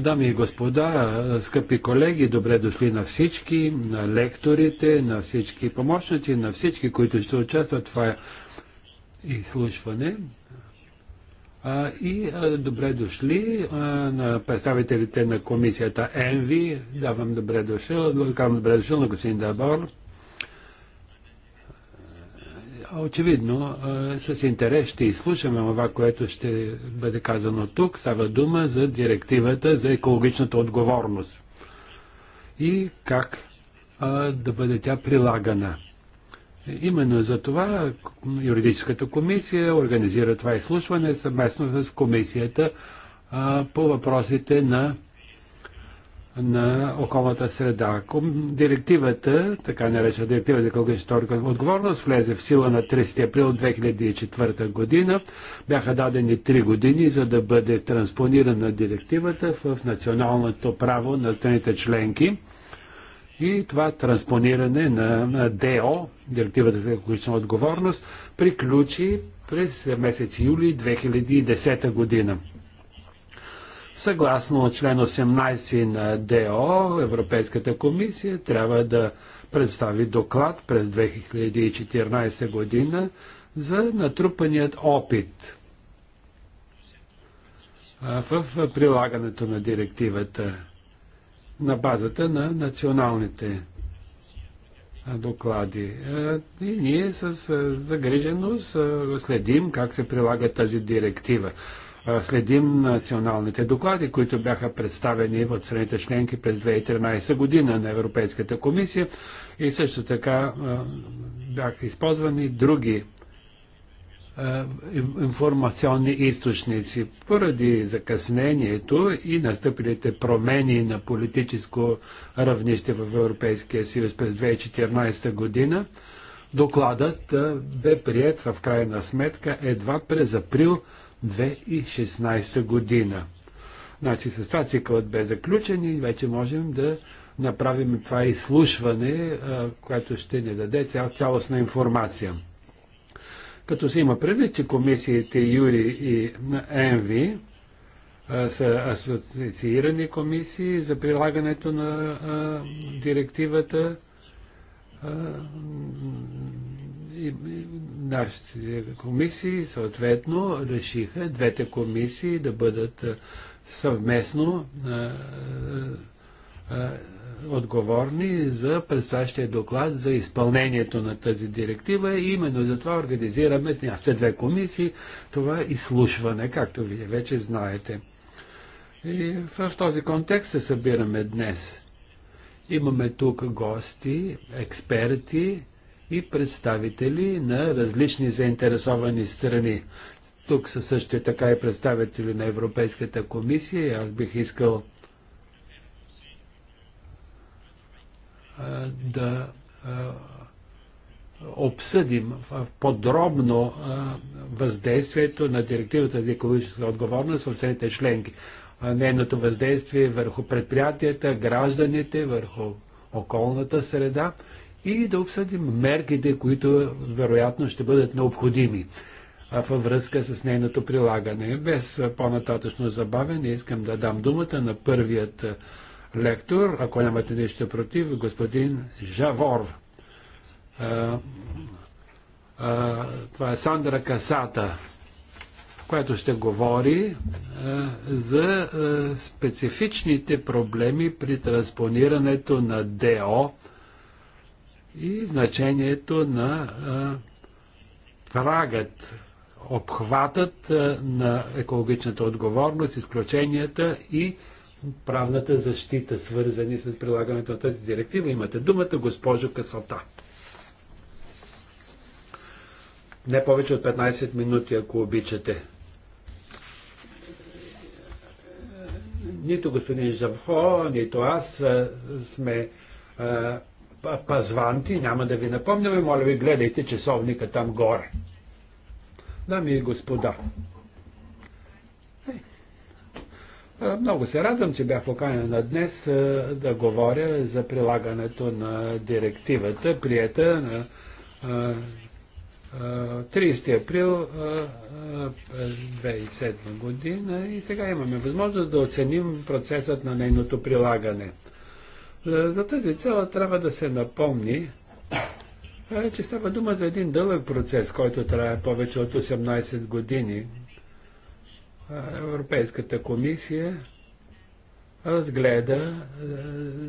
Дами и господа, скъпи колеги, добре дошли на всички, на лекторите, на всички помощници, на всички, които ще участват в това изслушване. и добре дошли на представителите на комисията ЕНВИ. Давам добре дошъл, добре дошъл на господин Дабор, Очевидно, с интерес ще изслушаме това, което ще бъде казано тук. Става дума за директивата за екологичната отговорност и как да бъде тя прилагана. Именно за това юридическата комисия организира това изслушване съвместно с комисията по въпросите на на околната среда. Директивата, така наречена директива за екологичната отговорност, влезе в сила на 30 април 2004 година. Бяха дадени 3 години, за да бъде транспонирана директивата в националното право на страните членки. И това транспониране на ДО, директивата за екологична отговорност, приключи през месец юли 2010 година. Съгласно член 18 на ДО, Европейската комисия трябва да представи доклад през 2014 година за натрупаният опит в прилагането на директивата на базата на националните доклади. И ние с загриженост следим как се прилага тази директива следим националните доклади, които бяха представени от страните членки през 2013 година на Европейската комисия и също така бяха използвани други информационни източници. Поради закъснението и настъпилите промени на политическо равнище в Европейския съюз през 2014 година, докладът бе прият в крайна сметка едва през април 2016 година. Значи с това цикълът бе заключен и вече можем да направим това изслушване, което ще ни даде цял, цялостна информация. Като се има предвид, че комисиите Юри и Енви са асоциирани комисии за прилагането на а, директивата, а, и нашите комисии съответно решиха двете комисии да бъдат съвместно а, а, отговорни за предстоящия доклад за изпълнението на тази директива и именно за това организираме нашите две комисии това изслушване, както вие вече знаете. И в този контекст се събираме днес. Имаме тук гости, експерти, и представители на различни заинтересовани страни. Тук са също така и представители на Европейската комисия и аз бих искал да обсъдим подробно въздействието на директивата за екологическа отговорност в страните членки. Нейното въздействие върху предприятията, гражданите, върху околната среда и да обсъдим мерките, които вероятно ще бъдат необходими във връзка с нейното прилагане. Без по-нататъчно забавяне искам да дам думата на първият лектор, ако нямате нещо против, господин Жавор. А, а, това е Сандра Касата, която ще говори а, за специфичните проблеми при транспонирането на ДО и значението на а, прагът, обхватът а, на екологичната отговорност, изключенията и правната защита, свързани с прилагането на тази директива. Имате думата, госпожо Касалта. Не повече от 15 минути, ако обичате. Нито господин Жавхо, нито аз сме пазванти, няма да ви напомняме, моля ви гледайте часовника там горе. Дами и господа, е, много се радвам, че бях поканен на днес да говоря за прилагането на директивата, приета на 30 април 2007 година и сега имаме възможност да оценим процесът на нейното прилагане. Е, за тази цел трябва да се напомни, е, че става дума за един дълъг процес, който трае повече от 18 години. Е, Европейската комисия разгледа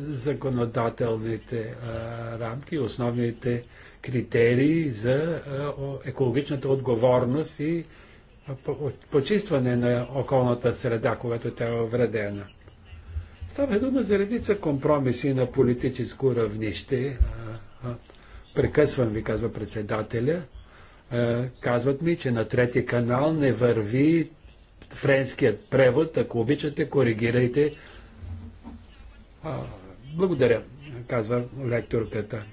законодателните рамки, основните критерии за екологичната отговорност и почистване на околната среда, когато тя е вредена. Става дума за редица компромиси на политическо равнище. Прекъсвам ви, казва председателя. Казват ми, че на трети канал не върви френският превод. Ако обичате, коригирайте. Благодаря, казва лекторката.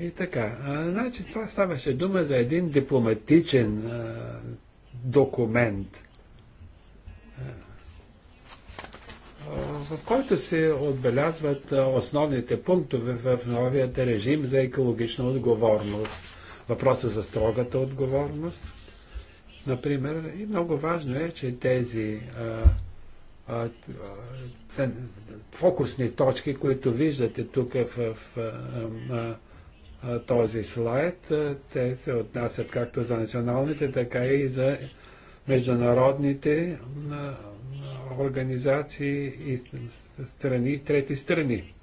И така. Значи това ставаше дума за един дипломатичен документ в който се отбелязват основните пунктове в новият режим за екологична отговорност. Въпроса за строгата отговорност, например, и много важно е, че тези а, а, фокусни точки, които виждате тук в, в а, а, този слайд, те се отнасят както за националните, така и за международните организации и страни, трети страни.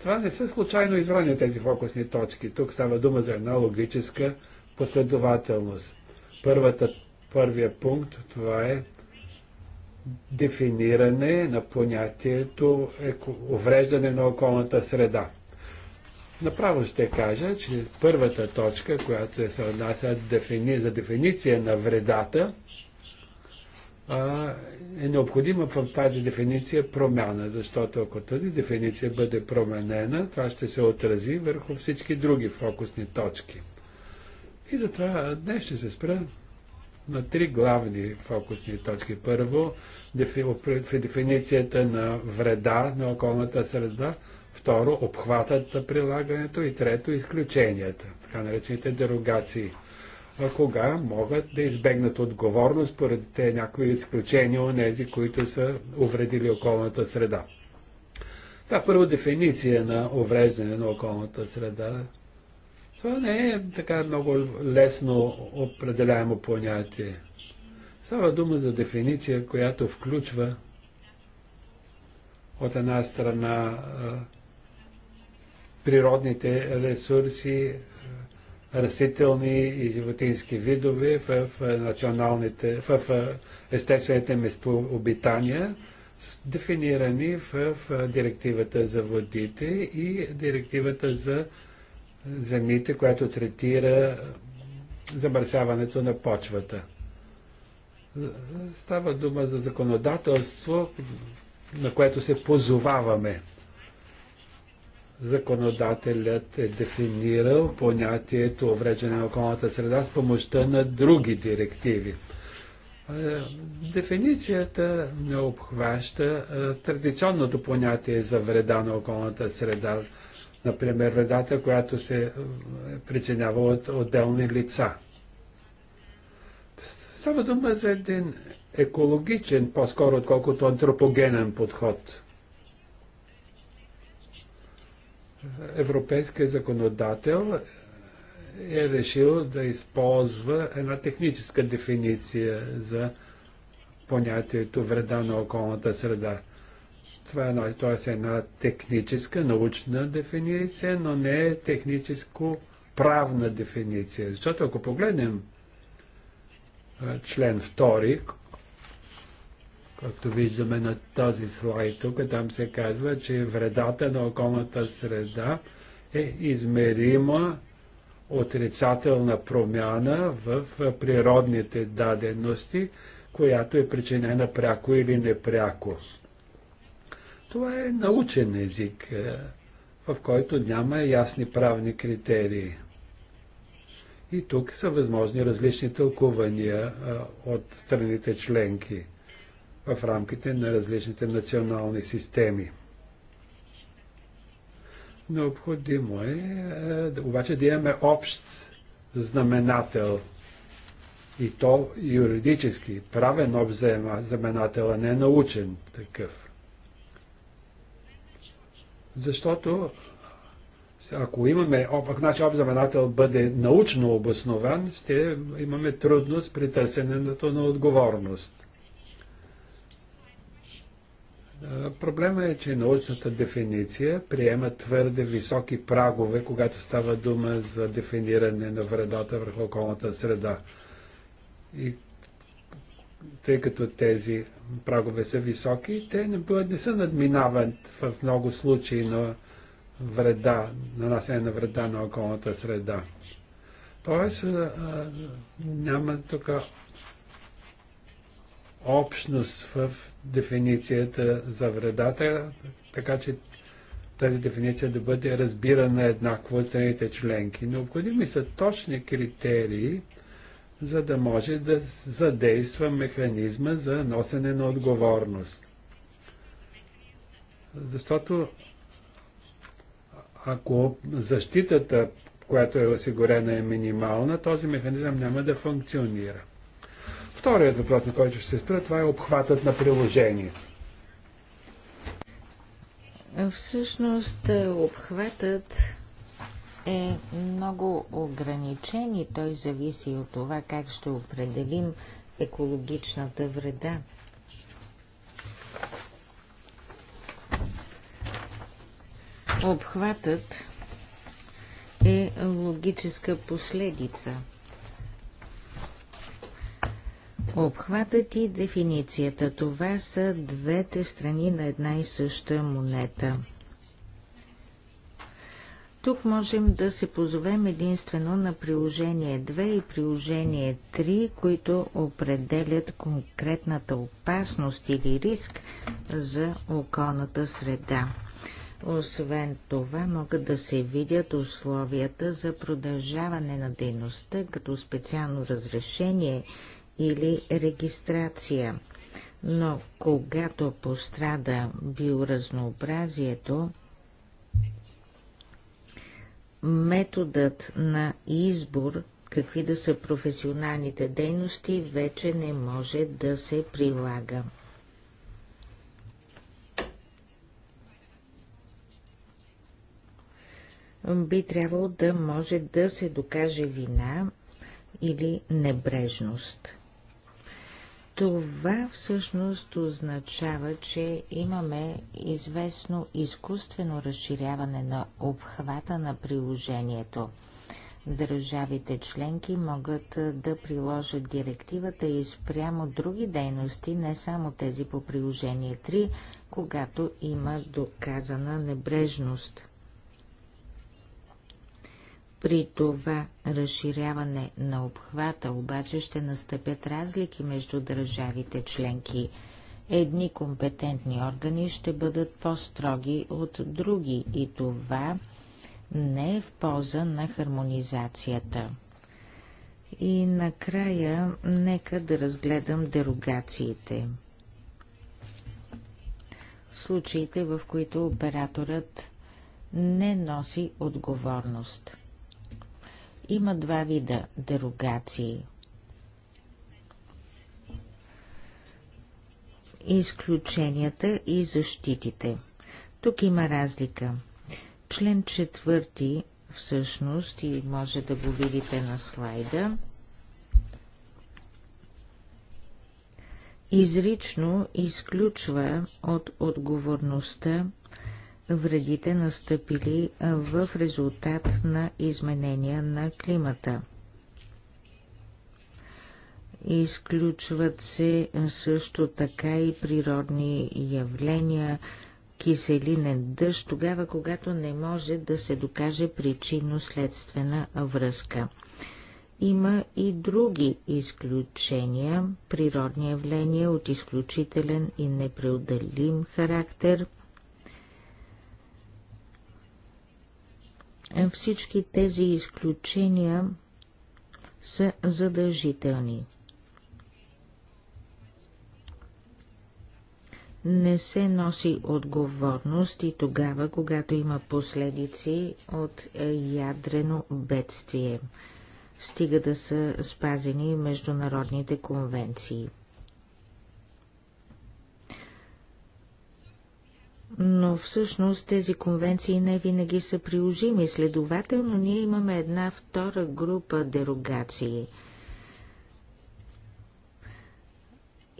Това не са случайно избрани тези фокусни точки. Тук става дума за една логическа последователност. Първата, първия пункт, това е дефиниране на понятието еко, увреждане на околната среда. Направо ще кажа, че първата точка, която е се отнася за дефиниция на вредата, е необходима в тази дефиниция промяна, защото ако тази дефиниция бъде променена, това ще се отрази върху всички други фокусни точки. И затова днес ще се спра на три главни фокусни точки. Първо, в дефиницията на вреда на околната среда. Второ, обхватът на прилагането. И трето, изключенията, така наречените дерогации – кога могат да избегнат отговорност поради някои изключения от тези, които са увредили околната среда. Та първо дефиниция на увреждане на околната среда. Това не е така много лесно определяемо понятие. Става дума за дефиниция, която включва от една страна природните ресурси, растителни и животински видове в, националните, в естествените местообитания, дефинирани в директивата за водите и директивата за земите, която третира замърсяването на почвата. Става дума за законодателство, на което се позоваваме законодателят е дефинирал понятието увреждане на околната среда с помощта на други директиви. Е, дефиницията не обхваща е, традиционното понятие за вреда на околната среда, например вредата, която се е, причинява от отделни лица. Става дума за един екологичен, по-скоро отколкото антропогенен подход – европейският законодател е решил да използва една техническа дефиниция за понятието вреда на околната среда. Това е една, т.е. една техническа, научна дефиниция, но не е техническо правна дефиниция. Защото ако погледнем член 2, както виждаме на този слайд тук, там се казва, че вредата на околната среда е измерима отрицателна промяна в природните дадености, която е причинена пряко или непряко. Това е научен език, е, в който няма ясни правни критерии. И тук са възможни различни тълкувания е, от страните членки в рамките на различните национални системи. Необходимо е, е обаче да имаме общ знаменател и то юридически, правен общ знаменател, а не научен такъв. Защото ако имаме, ако нашия обзаменател бъде научно обоснован, ще имаме трудност при търсенето на отговорност. Проблема е, че научната дефиниция приема твърде високи прагове, когато става дума за дефиниране на вредата върху околната среда. И тъй като тези прагове са високи, те не, бъдат, не са надминавани в много случаи на вреда, нанасяне на вреда на околната среда. Тоест, няма тук общност в дефиницията за вредата, така че тази дефиниция да бъде разбирана еднакво от страните членки. Необходими са точни критерии, за да може да задейства механизма за носене на отговорност. Защото ако защитата, която е осигурена, е минимална, този механизъм няма да функционира. Вторият въпрос, на който ще се спра, това е обхватът на приложение. Всъщност е, обхватът е много ограничен и той зависи от това как ще определим екологичната вреда. Обхватът е логическа последица – Обхватът и дефиницията – това са двете страни на една и съща монета. Тук можем да се позовем единствено на приложение 2 и приложение 3, които определят конкретната опасност или риск за околната среда. Освен това, могат да се видят условията за продължаване на дейността, като специално разрешение или регистрация. Но когато пострада биоразнообразието, методът на избор, какви да са професионалните дейности, вече не може да се прилага. Би трябвало да може да се докаже вина или небрежност. Това всъщност означава, че имаме известно изкуствено разширяване на обхвата на приложението. Държавите членки могат да приложат директивата и спрямо други дейности, не само тези по приложение 3, когато има доказана небрежност. При това разширяване на обхвата обаче ще настъпят разлики между държавите членки. Едни компетентни органи ще бъдат по-строги от други и това не е в полза на хармонизацията. И накрая нека да разгледам дерогациите. Случаите, в които операторът не носи отговорност. Има два вида дерогации. Изключенията и защитите. Тук има разлика. Член четвърти всъщност и може да го видите на слайда. Изрично изключва от отговорността вредите настъпили в резултат на изменения на климата. Изключват се също така и природни явления, киселинен дъжд, тогава когато не може да се докаже причинно-следствена връзка. Има и други изключения, природни явления от изключителен и непреодолим характер, Е, всички тези изключения са задължителни. не се носи отговорност и тогава, когато има последици от е, ядрено бедствие. Стига да са спазени международните конвенции. но всъщност тези конвенции не винаги са приложими. Следователно, ние имаме една втора група дерогации.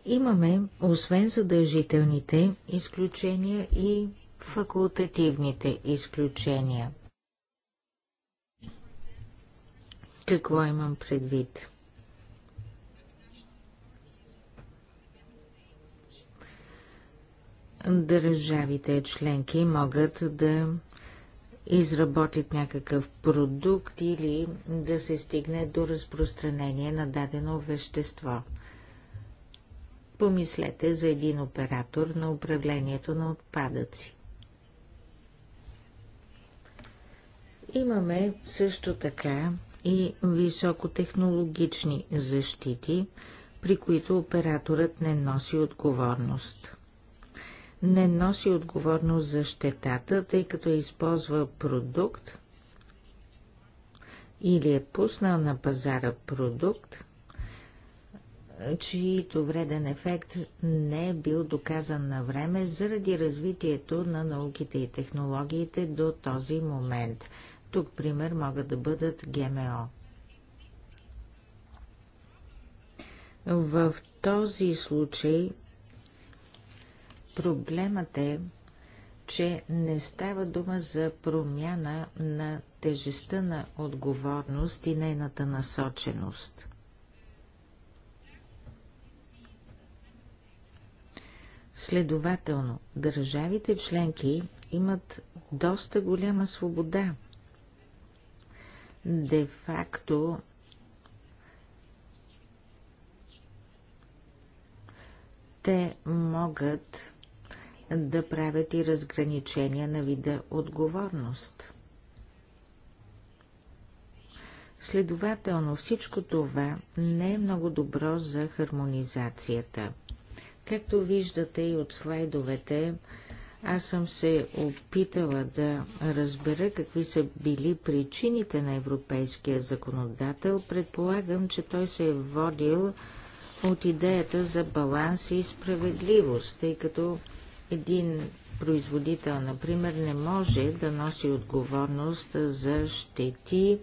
Имаме, освен задължителните изключения и факултативните изключения. Какво имам предвид? държавите членки могат да изработят някакъв продукт или да се стигне до разпространение на дадено вещество. Помислете за един оператор на управлението на отпадъци. Имаме също така и високотехнологични защити, при които операторът не носи отговорност не носи отговорност за щетата, тъй като използва продукт или е пуснал на пазара продукт, чието вреден ефект не е бил доказан на време заради развитието на науките и технологиите до този момент. Тук пример могат да бъдат ГМО. В този случай Проблемът е, че не става дума за промяна на тежестта на отговорност и нейната насоченост. Следователно, държавите членки имат доста голяма свобода. Де-факто те могат да правят и разграничения на вида отговорност. Следователно всичко това не е много добро за хармонизацията. Както виждате и от слайдовете, аз съм се опитала да разбера какви са били причините на европейския законодател. Предполагам, че той се е водил от идеята за баланс и справедливост, тъй като един производител, например, не може да носи отговорност за щети,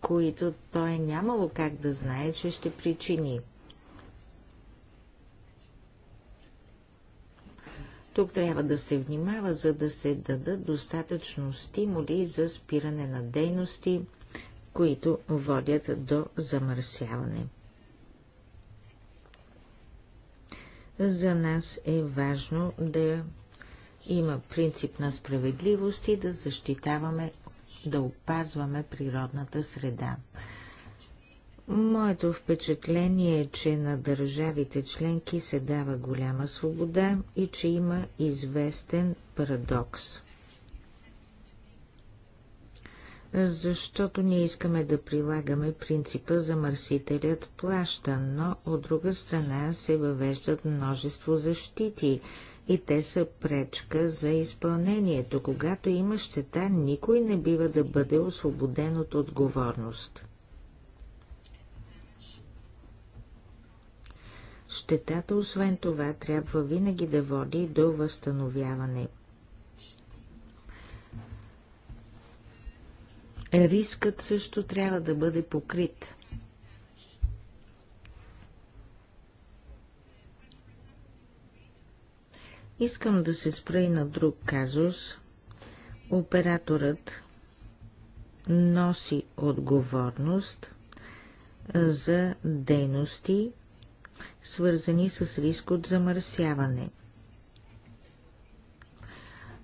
които той нямало как да знае, че ще причини. Тук трябва да се внимава, за да се дадат достатъчно стимули за спиране на дейности, които водят до замърсяване. За нас е важно да има принцип на справедливост и да защитаваме, да опазваме природната среда. Моето впечатление е, че на държавите членки се дава голяма свобода и че има известен парадокс защото ние искаме да прилагаме принципа за мърсителят плаща, но от друга страна се въвеждат множество защити и те са пречка за изпълнението. Когато има щета, никой не бива да бъде освободен от отговорност. Щетата, освен това, трябва винаги да води до възстановяване – Рискът също трябва да бъде покрит. Искам да се спра и на друг казус. Операторът носи отговорност за дейности, свързани с риск от замърсяване –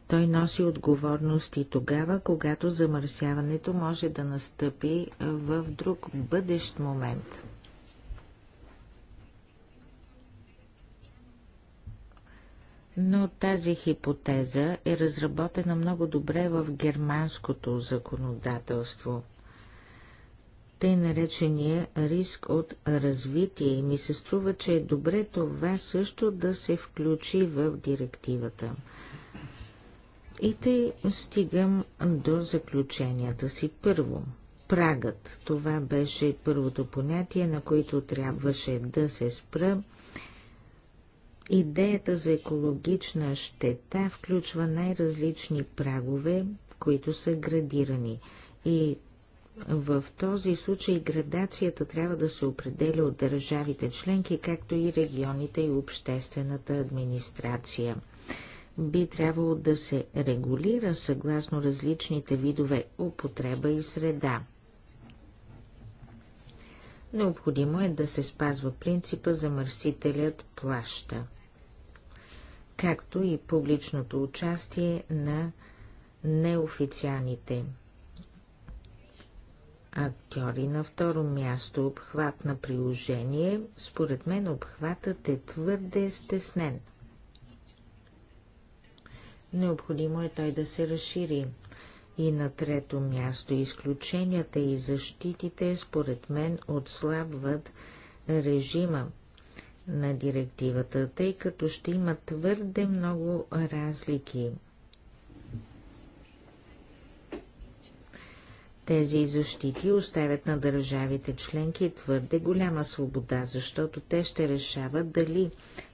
той носи отговорност и тогава, когато замърсяването може да настъпи в друг бъдещ момент. Но тази хипотеза е разработена много добре в германското законодателство. Тъй наречения риск от развитие и ми се струва, че е добре това също да се включи в директивата – и тъй стигам до заключенията си. Първо, прагът. Това беше първото понятие, на което трябваше да се спра. Идеята за екологична щета включва най-различни прагове, които са градирани. И в този случай градацията трябва да се определя от държавите членки, както и регионите и обществената администрация – би трябвало да се регулира съгласно различните видове употреба и среда. Необходимо е да се спазва принципа замърсителят плаща, както и публичното участие на неофициалните актьори. На второ място обхват на приложение. Според мен обхватът е твърде стеснен – необходимо е той да се разшири. И на трето място изключенията и защитите, според мен, отслабват режима на директивата, тъй като ще има твърде много разлики. Тези защити оставят на държавите членки твърде голяма свобода, защото те ще решават дали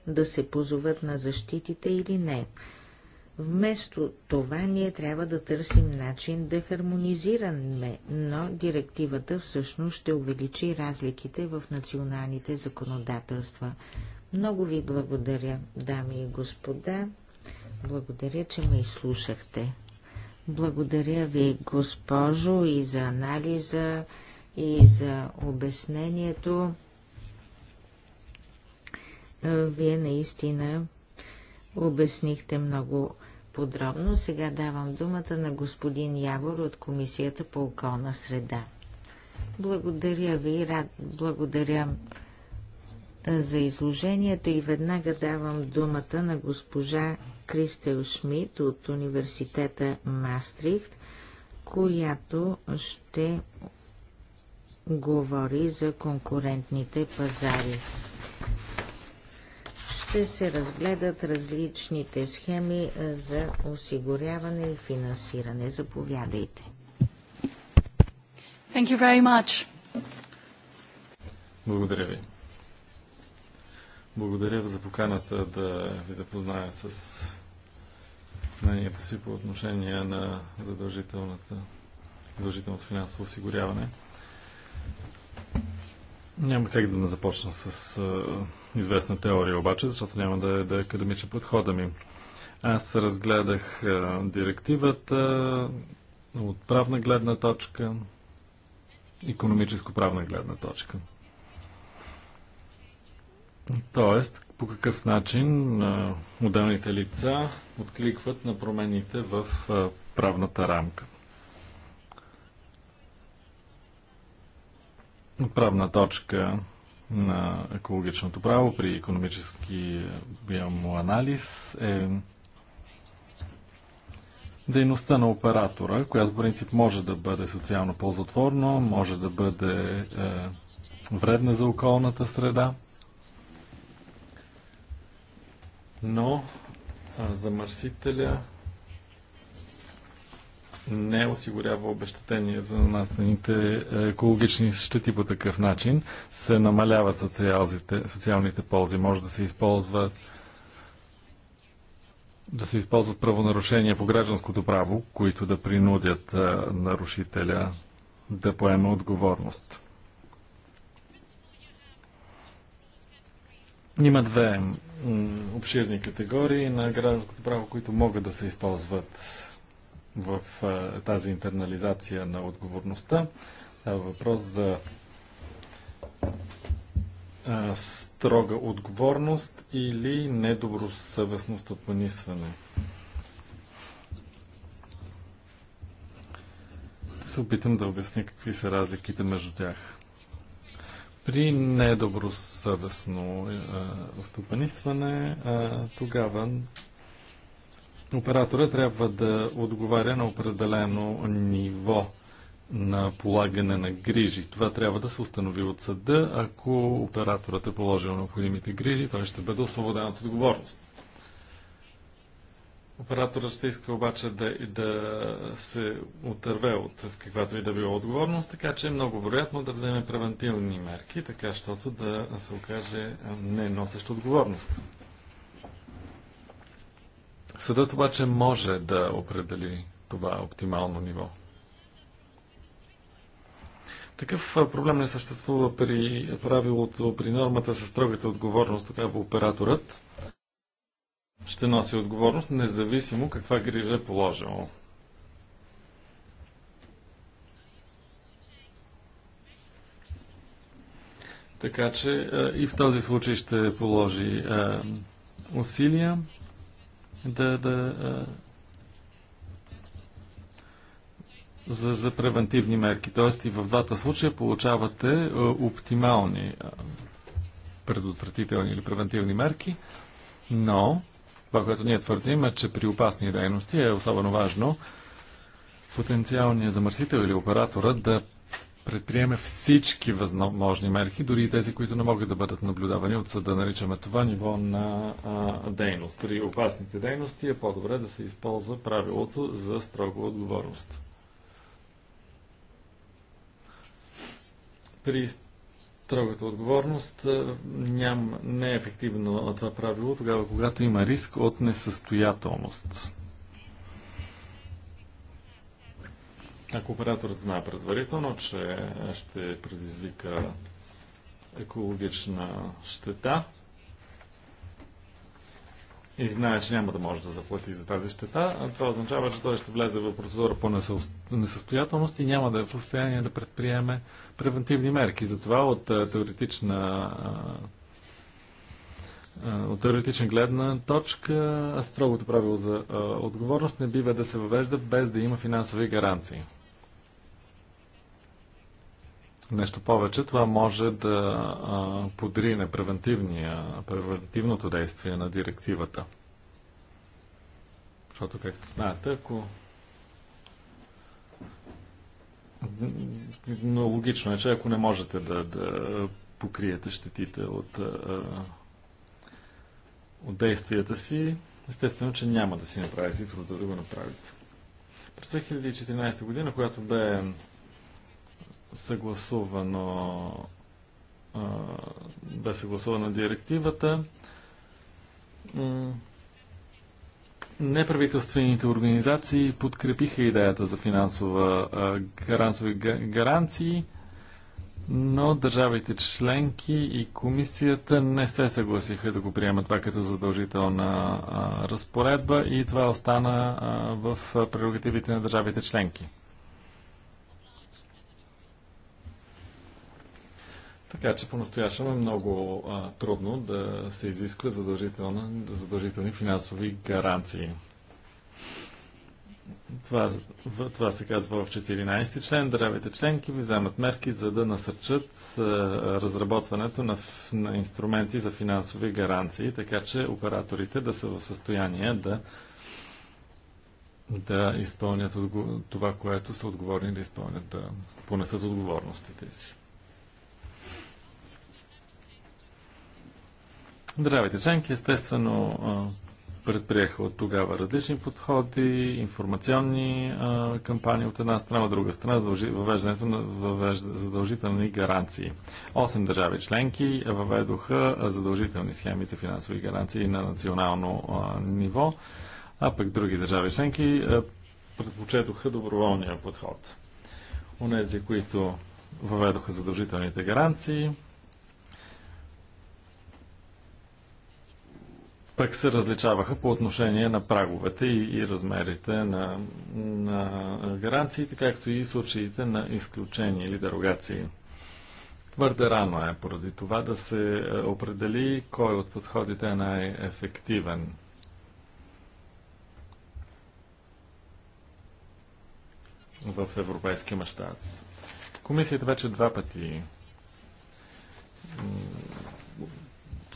да се позоват на защитите или не. Вместо това ние трябва да търсим начин да хармонизираме, но директивата всъщност ще увеличи разликите в националните законодателства. Много ви благодаря, дами и господа. Благодаря, че ме изслушахте. Благодаря ви, госпожо, и за анализа, и за обяснението. Вие наистина Обяснихте много подробно. Сега давам думата на господин Явор от Комисията по околна среда. Благодаря ви, рад, благодаря за изложението и веднага давам думата на госпожа Кристел Шмидт от университета Мастрихт, която ще говори за конкурентните пазари ще се разгледат различните схеми е, за осигуряване и финансиране. Заповядайте. Thank you very much. Благодаря ви. Благодаря за поканата да ви запозная с мнението си по отношение на задължителното финансово осигуряване. Няма как да не започна с а, известна теория обаче, защото няма да е, да е академичен подхода ми. Аз разгледах а, директивата от правна гледна точка, економическо-правна гледна точка. Тоест, по какъв начин а, отделните лица откликват на промените в а, правната рамка. правна точка на екологичното право при економически биомоанализ е дейността на оператора, която в принцип може да бъде социално ползотворно, може да бъде е, вредна за околната среда, но замърсителя не осигурява обещатение за нанасените екологични щети по такъв начин. Се намаляват социалните ползи. Може да се използва да се използват правонарушения по гражданското право, които да принудят нарушителя да поема отговорност. Има две обширни категории на гражданското право, които могат да се използват в а, тази интернализация на отговорността. Става въпрос за а, строга отговорност или недобросъвестно стопанисване. понисване. се опитам да обясня какви са разликите между тях. При недобросъвестно стопанисване тогава Оператора трябва да отговаря на определено ниво на полагане на грижи. Това трябва да се установи от съда. Ако операторът е положил необходимите грижи, той ще бъде освободен от отговорност. Операторът ще иска обаче да, да се отърве от каквато и да било отговорност, така че е много вероятно да вземе превентивни мерки, така щото да се окаже не носещ отговорност. Съдът обаче може да определи това оптимално ниво. Такъв проблем не съществува при правилото, при нормата с строгата отговорност. Тогава операторът ще носи отговорност, независимо каква грижа е положил. Така че и в този случай ще положи усилия да, да за, за превентивни мерки. Тоест и в двата случая получавате оптимални предотвратителни или превентивни мерки, но това, което ние твърдим е, че при опасни дейности е особено важно потенциалният замърсител или оператора да предприеме всички възможни мерки, дори и тези, които не могат да бъдат наблюдавани от съда. Наричаме това ниво на а, дейност. При опасните дейности е по-добре да се използва правилото за строго отговорност. При строгата отговорност ням, не е ефективно това правило тогава, когато има риск от несъстоятелност. Ако операторът знае предварително, че ще предизвика екологична щета и знае, че няма да може да заплати за тази щета, това означава, че той ще влезе в процедура по несъстоятелност и няма да е в състояние да предприеме превентивни мерки. Затова от теоретична от теоретична гледна точка, строгото правило за отговорност не бива да се въвежда без да има финансови гаранции. Нещо повече, това може да подрине превентивното действие на директивата. Защото, както знаете, ако но логично е, че ако не можете да, да покриете щетите от, от действията си, естествено, че няма да си направите труда да го направите. През 2014 година, когато бе съгласувано бе съгласувана директивата. Неправителствените организации подкрепиха идеята за финансова гарансови гаранции, но държавите членки и комисията не се съгласиха да го приемат това като задължителна разпоредба и това остана в прерогативите на държавите членки. Така че по-настоящем е много а, трудно да се изисква задължителни финансови гаранции. Това, в, това се казва в 14 член. Държавите членки ви вземат мерки, за да насърчат а, разработването на, на инструменти за финансови гаранции, така че операторите да са в състояние да, да изпълнят това, което са отговорни да изпълнят, да понесат отговорностите си. Държавите членки естествено предприеха от тогава различни подходи, информационни а, кампании от една страна, от друга страна въвеждането на въвежда, задължителни гаранции. Осем държави членки въведоха задължителни схеми за финансови гаранции на национално а, ниво, а пък други държави членки предпочетоха доброволния подход. Унези, които въведоха задължителните гаранции, пък се различаваха по отношение на праговете и, и размерите на, на гаранциите, както и случаите на изключения или дерогации. Твърде рано е поради това да се е, определи кой от подходите е най-ефективен. в европейски мащаб. Комисията вече два пъти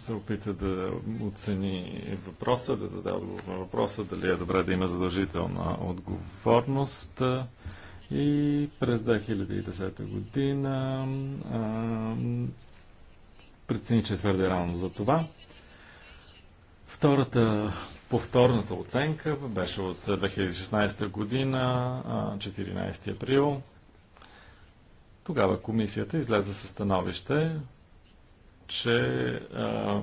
се опита да оцени въпроса, да даде отговор на въпроса, дали е добре да има задължителна отговорност. И през 2010 година прецени, че е твърде рано за това. Втората повторната оценка беше от 2016 година, 14 април. Тогава комисията излезе със становище, че а,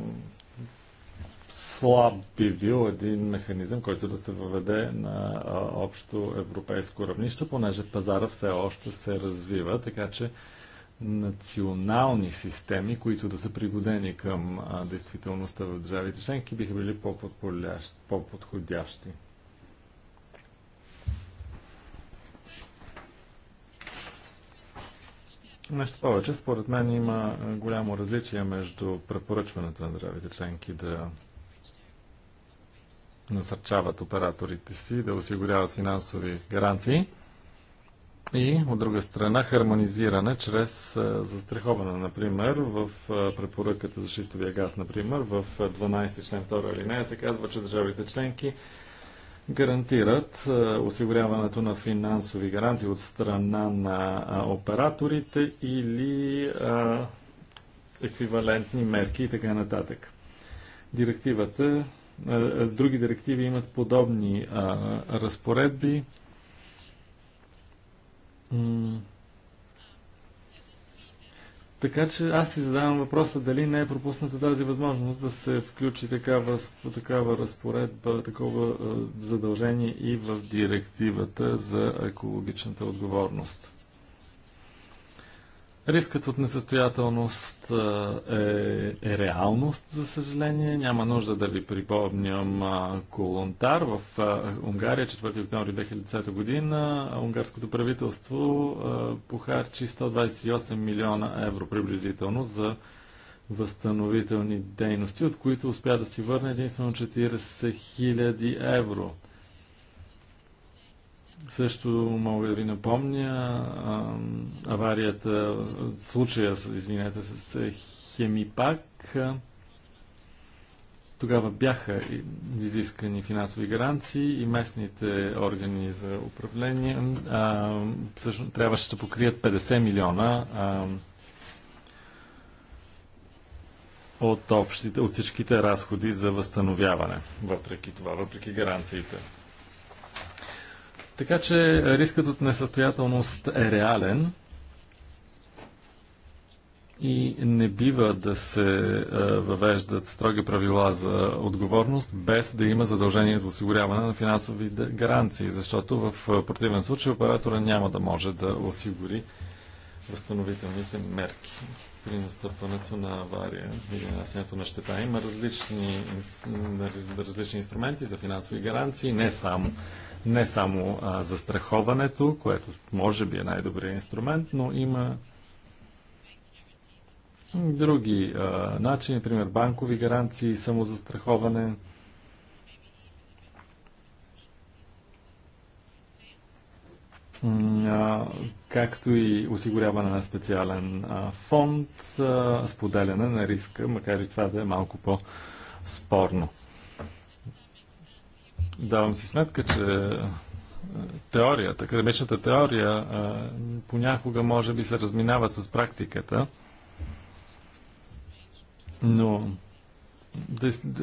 слаб би бил един механизъм, който да се въведе на а, общо европейско равнище, понеже пазара все още се развива, така че национални системи, които да са пригодени към а, действителността в държавите членки, биха били по-подходящи. Нещо повече, според мен има е, голямо различие между препоръчването на държавите членки да насърчават операторите си, да осигуряват финансови гаранции и, от друга страна, хармонизиране чрез е, застраховане. Например, в е, препоръката за шистовия газ, например, в 12 член 2 алинея се казва, че държавите членки гарантират е, осигуряването на финансови гаранции от страна на е, операторите или е, еквивалентни мерки и така нататък. Директивата, други директиви имат подобни разпоредби. Така че аз си задавам въпроса дали не е пропусната тази възможност да се включи такава, такава разпоредба, такова задължение и в директивата за екологичната отговорност. Рискът от несъстоятелност е, е реалност, за съжаление. Няма нужда да ви припомням Колонтар. В Унгария 4 октомври 2010 година унгарското правителство похарчи 128 милиона евро приблизително за възстановителни дейности, от които успя да си върне единствено 40 хиляди евро. Също мога да ви напомня а, аварията, случая, извинете, с Хемипак. Тогава бяха изискани финансови гаранции и местните органи за управление а, всъщност, трябваше да покрият 50 милиона а, от, общите, от всичките разходи за възстановяване, въпреки това, въпреки гаранциите. Така че рискът от несъстоятелност е реален и не бива да се е, въвеждат строги правила за отговорност, без да има задължение за осигуряване на финансови гаранции, защото в е, противен случай оператора няма да може да осигури възстановителните мерки при настъпването на авария или нанасянето на щета. Има различни, различни инструменти за финансови гаранции, не само не само а, застраховането, което може би е най-добрият инструмент, но има други а, начини, например банкови гаранции, самозастраховане. както и осигуряване на специален фонд, споделяне на риска, макар и това да е малко по-спорно. Давам си сметка, че е, теорията, академичната теория е, понякога може би се разминава с практиката, но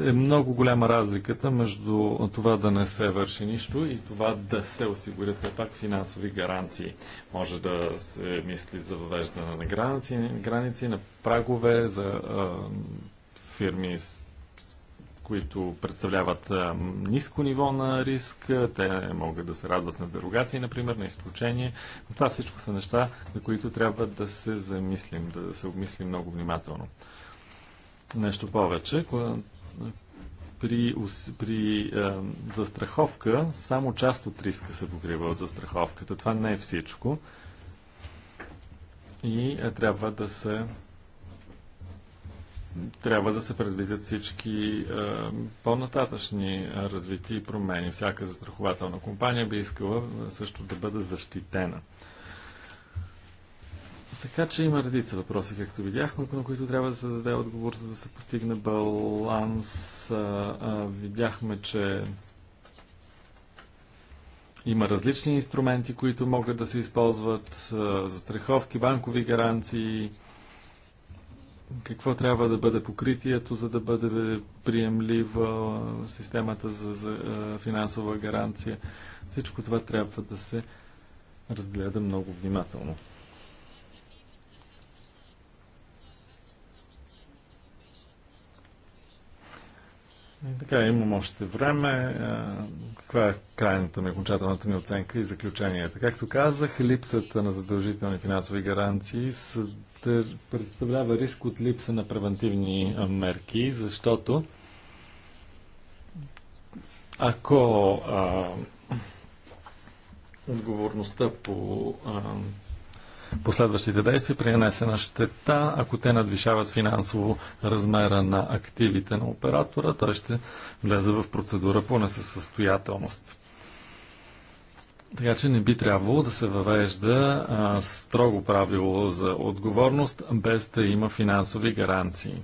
е много голяма разликата между това да не се върши нищо и това да се осигурят все пак финансови гаранции. Може да се мисли за въвеждане на граници, граници на прагове, за а, е, фирми с които представляват ниско ниво на риск, те могат да се радват на дерогации, например, на изключение. Но това всичко са неща, на които трябва да се замислим, да се обмислим много внимателно. Нещо повече, при, при е, застраховка само част от риска се покрива от застраховката. Това не е всичко. И е, трябва да се трябва да се предвидят всички е, по-нататъчни развити и промени. Всяка застрахователна компания би искала също да бъде защитена. Така че има редица въпроси, както видяхме, на които трябва да се даде отговор, за да се постигне баланс. видяхме, че има различни инструменти, които могат да се използват а, за страховки, банкови гаранции, какво трябва да бъде покритието, за да бъде приемлива системата за, за е, финансова гаранция. Всичко това трябва да се разгледа много внимателно. И така, имам още време. Е, каква е крайната ми, окончателната ми оценка и заключенията? Както казах, липсата на задължителни финансови гаранции са. Е- представлява риск от липса на превентивни мерки, защото ако а, отговорността по а, последващите действия при нанесена щета, ако те надвишават финансово размера на активите на оператора, той ще влезе в процедура по несъстоятелност. Така че не би трябвало да се въвежда а, строго правило за отговорност, без да има финансови гаранции.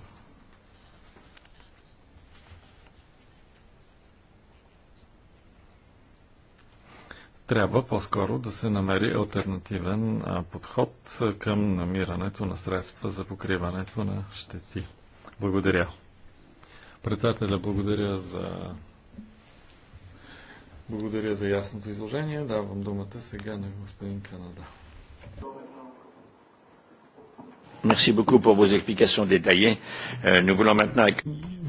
Трябва по-скоро да се намери альтернативен а, подход към намирането на средства за покриването на щети. Благодаря. Председателя, благодаря за благодаря за ясното изложение. Давам думата сега на господин Канада. Merci beaucoup pour vos explications détaillées. Euh, nous voulons maintenant...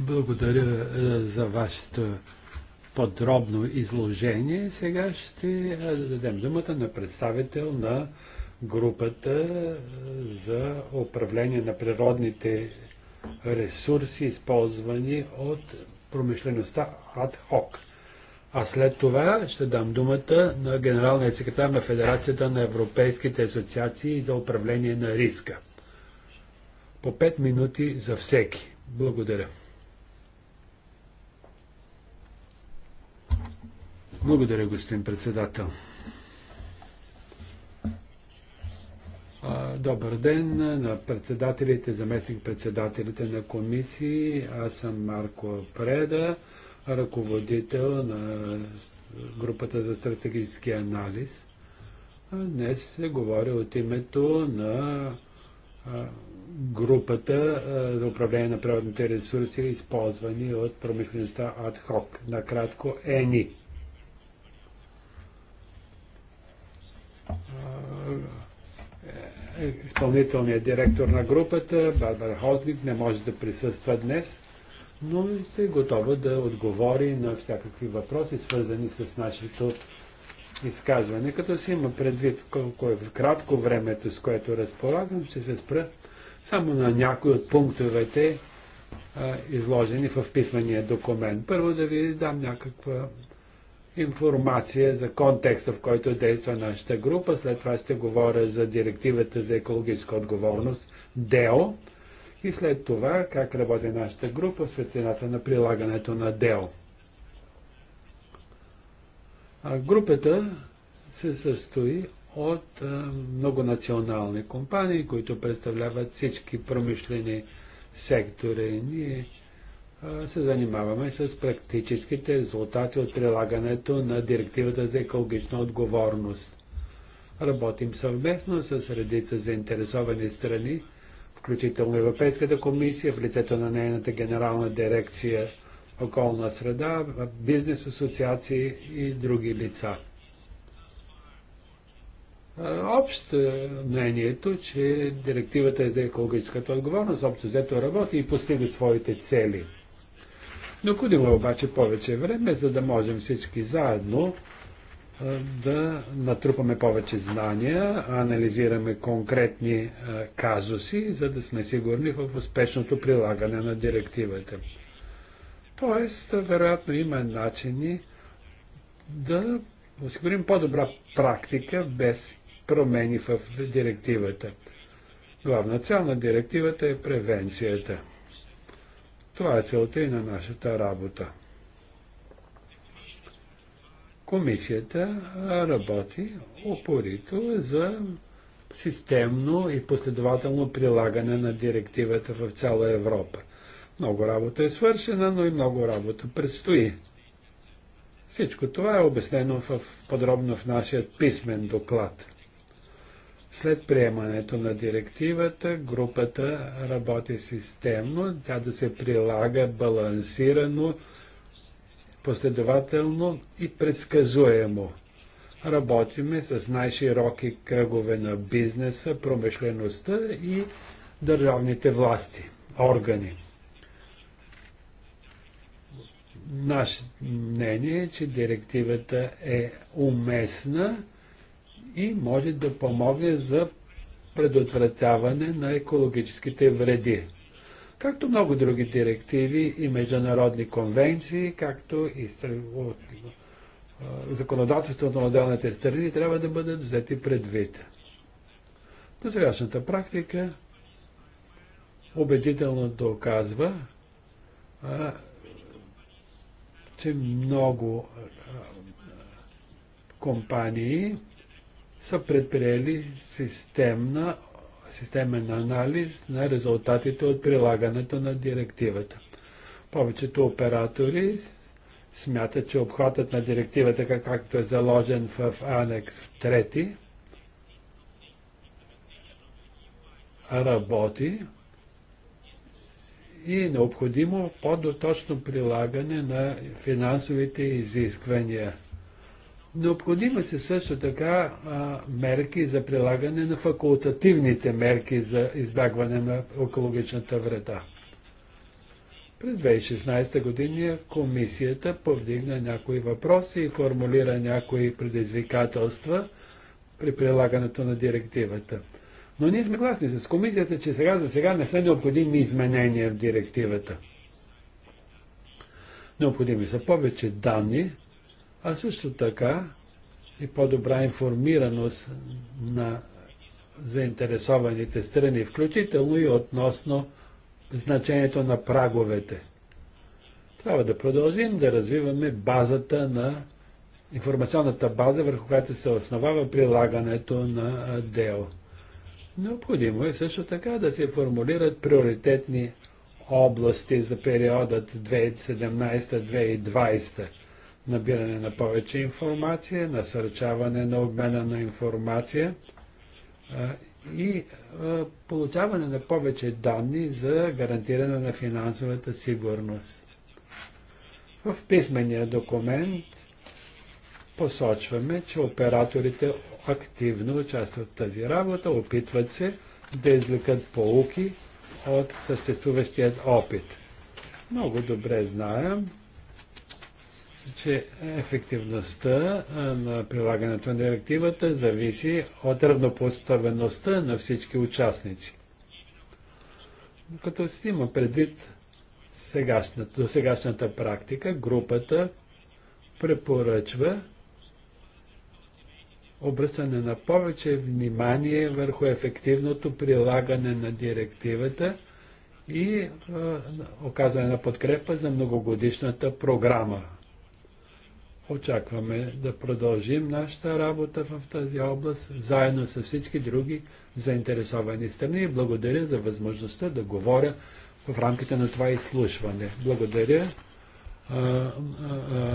Благодаря е, за вашето подробно изложение. Сега ще е, дадем думата на представител на групата е, за управление на природните ресурси, използвани от промишлеността ад хок. А след това ще дам думата на генералния секретар на Федерацията на Европейските асоциации за управление на риска. По 5 минути за всеки. Благодаря. Благодаря, господин председател. Добър ден на председателите, заместник председателите на комисии. Аз съм Марко Преда ръководител на групата за стратегически анализ. Днес се говори от името на групата за управление на природните ресурси, използвани от промишлеността АДХОК, накратко ЕНИ. Е, изпълнителният директор на групата, Барбара Хозник, не може да присъства днес но и се готова да отговори на всякакви въпроси, свързани с нашето изказване. Като си има предвид колко е в кратко времето, с което разполагам, ще се спра само на някои от пунктовете, а, изложени в писмения документ. Първо да ви дам някаква информация за контекста, в който действа нашата група. След това ще говоря за директивата за екологическа отговорност, ДЕО, и след това как работи нашата група в светлината на прилагането на ДЕО. А групата се състои от многонационални компании, които представляват всички промишлени сектори. Ние се занимаваме с практическите резултати от прилагането на директивата за екологична отговорност. Работим съвместно с редица заинтересовани страни, включително Европейската комисия, в лицето на нейната генерална дирекция околна среда, бизнес асоциации и други лица. Общо мнението, че директивата е за екологическата отговорност общо взето работи и постига своите цели. Необходимо е обаче повече време, за да можем всички заедно да натрупаме повече знания, анализираме конкретни казуси, за да сме сигурни в успешното прилагане на директивата. Тоест, вероятно има начини да осигурим по-добра практика без промени в директивата. Главна цел на директивата е превенцията. Това е целта и на нашата работа. Комисията работи опорито за системно и последователно прилагане на директивата в цяла Европа. Много работа е свършена, но и много работа предстои. Всичко това е обяснено в, подробно в нашия писмен доклад. След приемането на директивата, групата работи системно, тя да се прилага балансирано последователно и предсказуемо. Работиме с най-широки кръгове на бизнеса, промишлеността и държавните власти, органи. Наше мнение е, че директивата е уместна и може да помогне за предотвратяване на екологическите вреди както много други директиви и международни конвенции, както и законодателството на отделните страни трябва да бъдат взети предвид. До сегашната практика убедително доказва, а, че много а, компании са предприели системна системен анализ на резултатите от прилагането на директивата. Повечето оператори смятат, че обхватът на директивата, както е заложен в анекс 3, работи и е необходимо по-доточно прилагане на финансовите изисквания – Необходими са също така а, мерки за прилагане на факултативните мерки за избягване на екологичната вреда. През 2016 година комисията повдигна някои въпроси и формулира някои предизвикателства при прилагането на директивата. Но ние сме гласни с комисията, че сега за сега не са необходими изменения в директивата. Необходими са повече данни, а също така и по-добра информираност на заинтересованите страни, включително и относно значението на праговете. Трябва да продължим да развиваме базата на информационната база, върху която се основава прилагането на дел. Необходимо е също така да се формулират приоритетни области за периодът 2017-2020 набиране на повече информация, насърчаване на обмена на информация и получаване на повече данни за гарантиране на финансовата сигурност. В писмения документ посочваме, че операторите активно участват в тази работа, опитват се да извлекат поуки от съществуващият опит. Много добре знаем, че ефективността на прилагането на директивата зависи от равнопоставеността на всички участници. Като си има предвид до сегашната практика, групата препоръчва обръщане на повече внимание върху ефективното прилагане на директивата и оказване на подкрепа за многогодишната програма Очакваме да продължим нашата работа в тази област, заедно с всички други заинтересовани страни. Благодаря за възможността да говоря в рамките на това изслушване. Благодаря,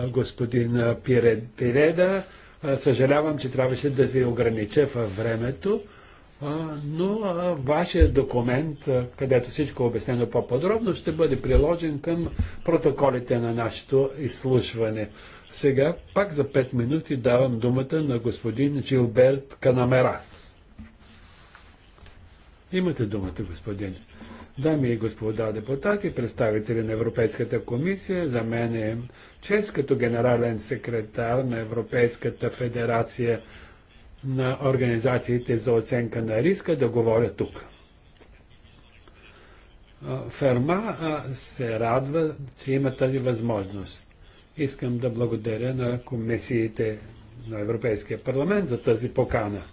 господин Пиреда. Съжалявам, че трябваше да се огранича във времето, но вашия документ, където всичко е обяснено по-подробно, ще бъде приложен към протоколите на нашето изслушване. Сега пак за 5 минути давам думата на господин Джилберт Канамерас. Имате думата, господин. Дами и господа депутати, представители на Европейската комисия, за мен е чест като генерален секретар на Европейската федерация на организациите за оценка на риска да говоря тук. Ферма се радва, че има тази възможност. Искам да благодаря на комисиите на Европейския парламент за тази покана.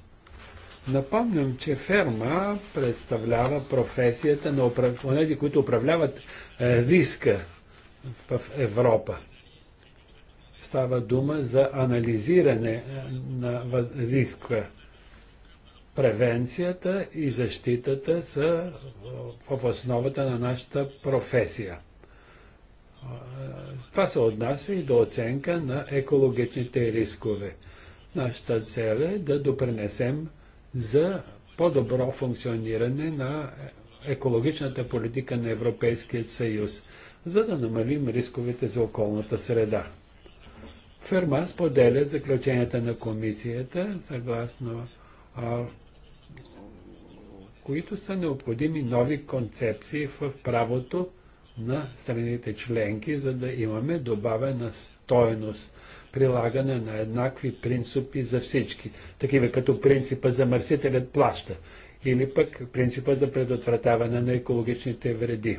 Напомням, че ферма представлява професията на тези, които управляват е, риска в Европа. Става дума за анализиране е, на риска. Превенцията и защитата са е, в основата на нашата професия. Това се отнася и до оценка на екологичните рискове. Нашата цел е да допренесем за по-добро функциониране на екологичната политика на Европейския съюз, за да намалим рисковете за околната среда. Ферма споделя заключенията на комисията, съгласно а, които са необходими нови концепции в правото на страните членки, за да имаме добавена стойност, прилагане на еднакви принципи за всички, такива като принципа за мърсителят плаща или пък принципа за предотвратяване на екологичните вреди.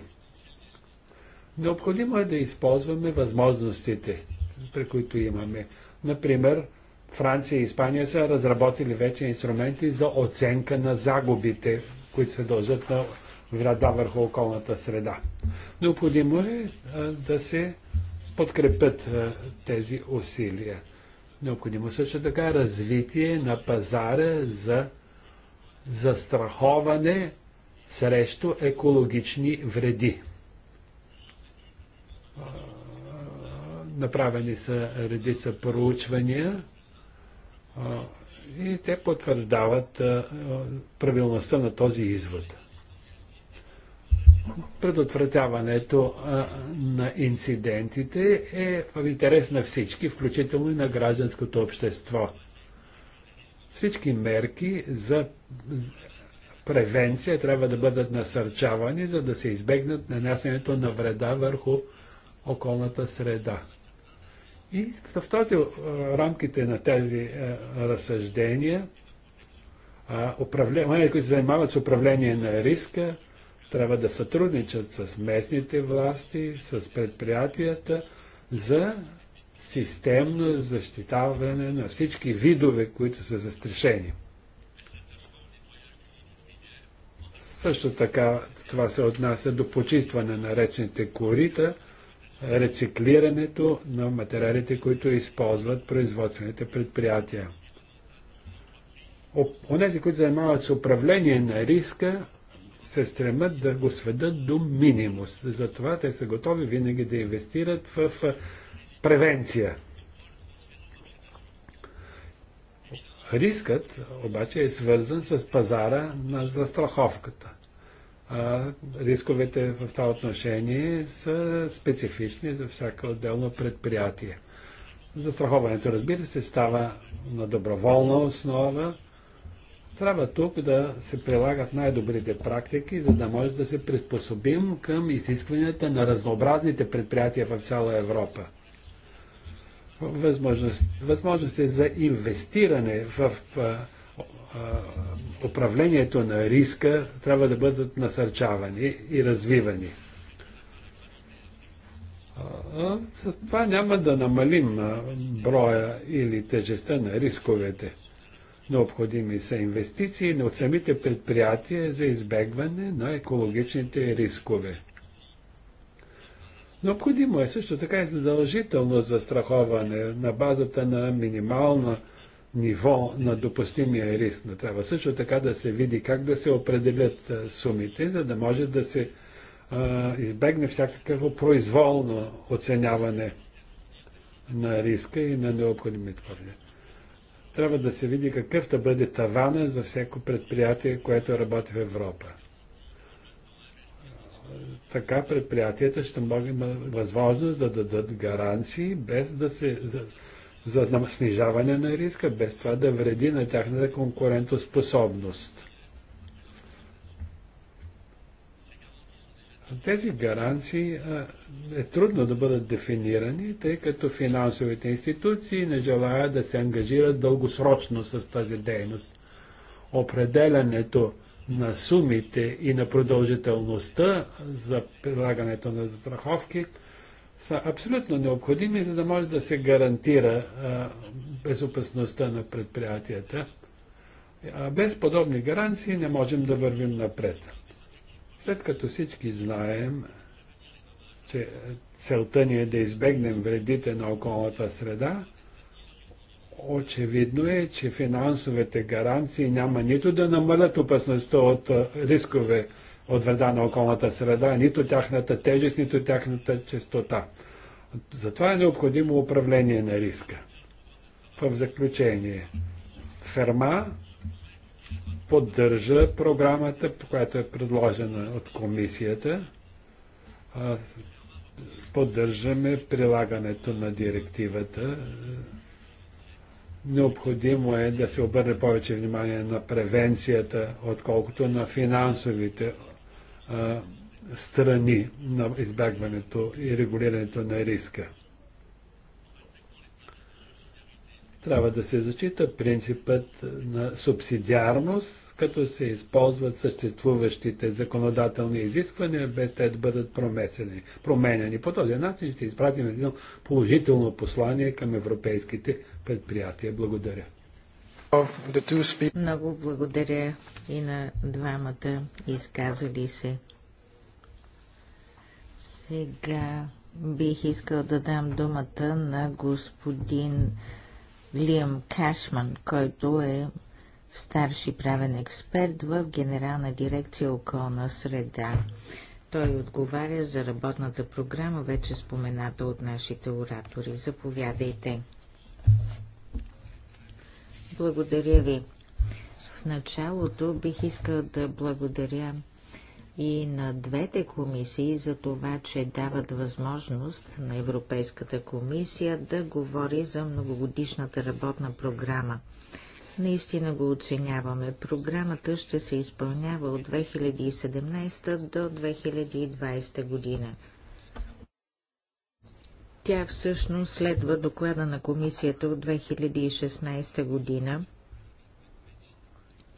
Необходимо е да използваме възможностите, при които имаме. Например, Франция и Испания са разработили вече инструменти за оценка на загубите, които се дължат на вреда върху околната среда. Необходимо е да се подкрепят тези усилия. Необходимо също така развитие на пазара за застраховане срещу екологични вреди. Направени са редица проучвания и те потвърждават правилността на този извод предотвратяването а, на инцидентите е в интерес на всички, включително и на гражданското общество. Всички мерки за превенция трябва да бъдат насърчавани, за да се избегнат нанасянето на вреда върху околната среда. И в тази рамките на тези разсъждения, управление, които се занимават с управление на риска, трябва да сътрудничат с местните власти, с предприятията за системно защитаване на всички видове, които са застрешени. Също така това се отнася до почистване на речните корита, рециклирането на материалите, които използват производствените предприятия. Онези, които занимават с управление на риска, се стремат да го сведат до минимус. Затова те са готови винаги да инвестират в превенция. Рискът обаче е свързан с пазара на застраховката. А, рисковете в това отношение са специфични за всяко отделно предприятие. Застраховането, разбира се, става на доброволна основа, трябва тук да се прилагат най-добрите практики, за да може да се приспособим към изискванията на разнообразните предприятия в цяла Европа. Възможности, възможности за инвестиране в а, а, управлението на риска трябва да бъдат насърчавани и развивани. А, с това няма да намалим броя или тежестта на рисковете Необходими са инвестиции от самите предприятия за избегване на екологичните рискове. Необходимо е също така и задължително застраховане на базата на минимално ниво на допустимия риск. Но трябва също така да се види как да се определят сумите, за да може да се а, избегне всякакво произволно оценяване на риска и на необходимите хвърли трябва да се види какъв да бъде тавана за всяко предприятие, което работи в Европа. Така предприятията ще могат възможност да дадат гаранции без да се за, за снижаване на риска, без това да вреди на тяхната конкурентоспособност. Тези гаранции а, е трудно да бъдат дефинирани, тъй като финансовите институции не желаят да се ангажират дългосрочно с тази дейност. Определянето на сумите и на продължителността за прилагането на застраховки са абсолютно необходими, за да може да се гарантира а, безопасността на предприятията. А без подобни гаранции не можем да вървим напред. След като всички знаем, че целта ни е да избегнем вредите на околната среда, очевидно е, че финансовите гаранции няма нито да намалят опасността от рискове от вреда на околната среда, нито тяхната тежест, нито тяхната честота. Затова е необходимо управление на риска. В заключение, ферма поддържа програмата, която е предложена от комисията. Поддържаме прилагането на директивата. Необходимо е да се обърне повече внимание на превенцията, отколкото на финансовите страни на избягването и регулирането на риска. Трябва да се зачита принципът на субсидиарност, като се използват съществуващите законодателни изисквания, без те да бъдат променени. По този начин ще изпратим едно положително послание към европейските предприятия. Благодаря. Много благодаря и на двамата изказали се. Сега бих искал да дам думата на господин Лиам Кашман, който е старши правен експерт в Генерална дирекция околна среда. Той отговаря за работната програма, вече спомената от нашите оратори. Заповядайте. Благодаря ви. В началото бих искал да благодаря и на двете комисии за това, че дават възможност на Европейската комисия да говори за многогодишната работна програма. Наистина го оценяваме. Програмата ще се изпълнява от 2017 до 2020 година. Тя всъщност следва доклада на комисията от 2016 година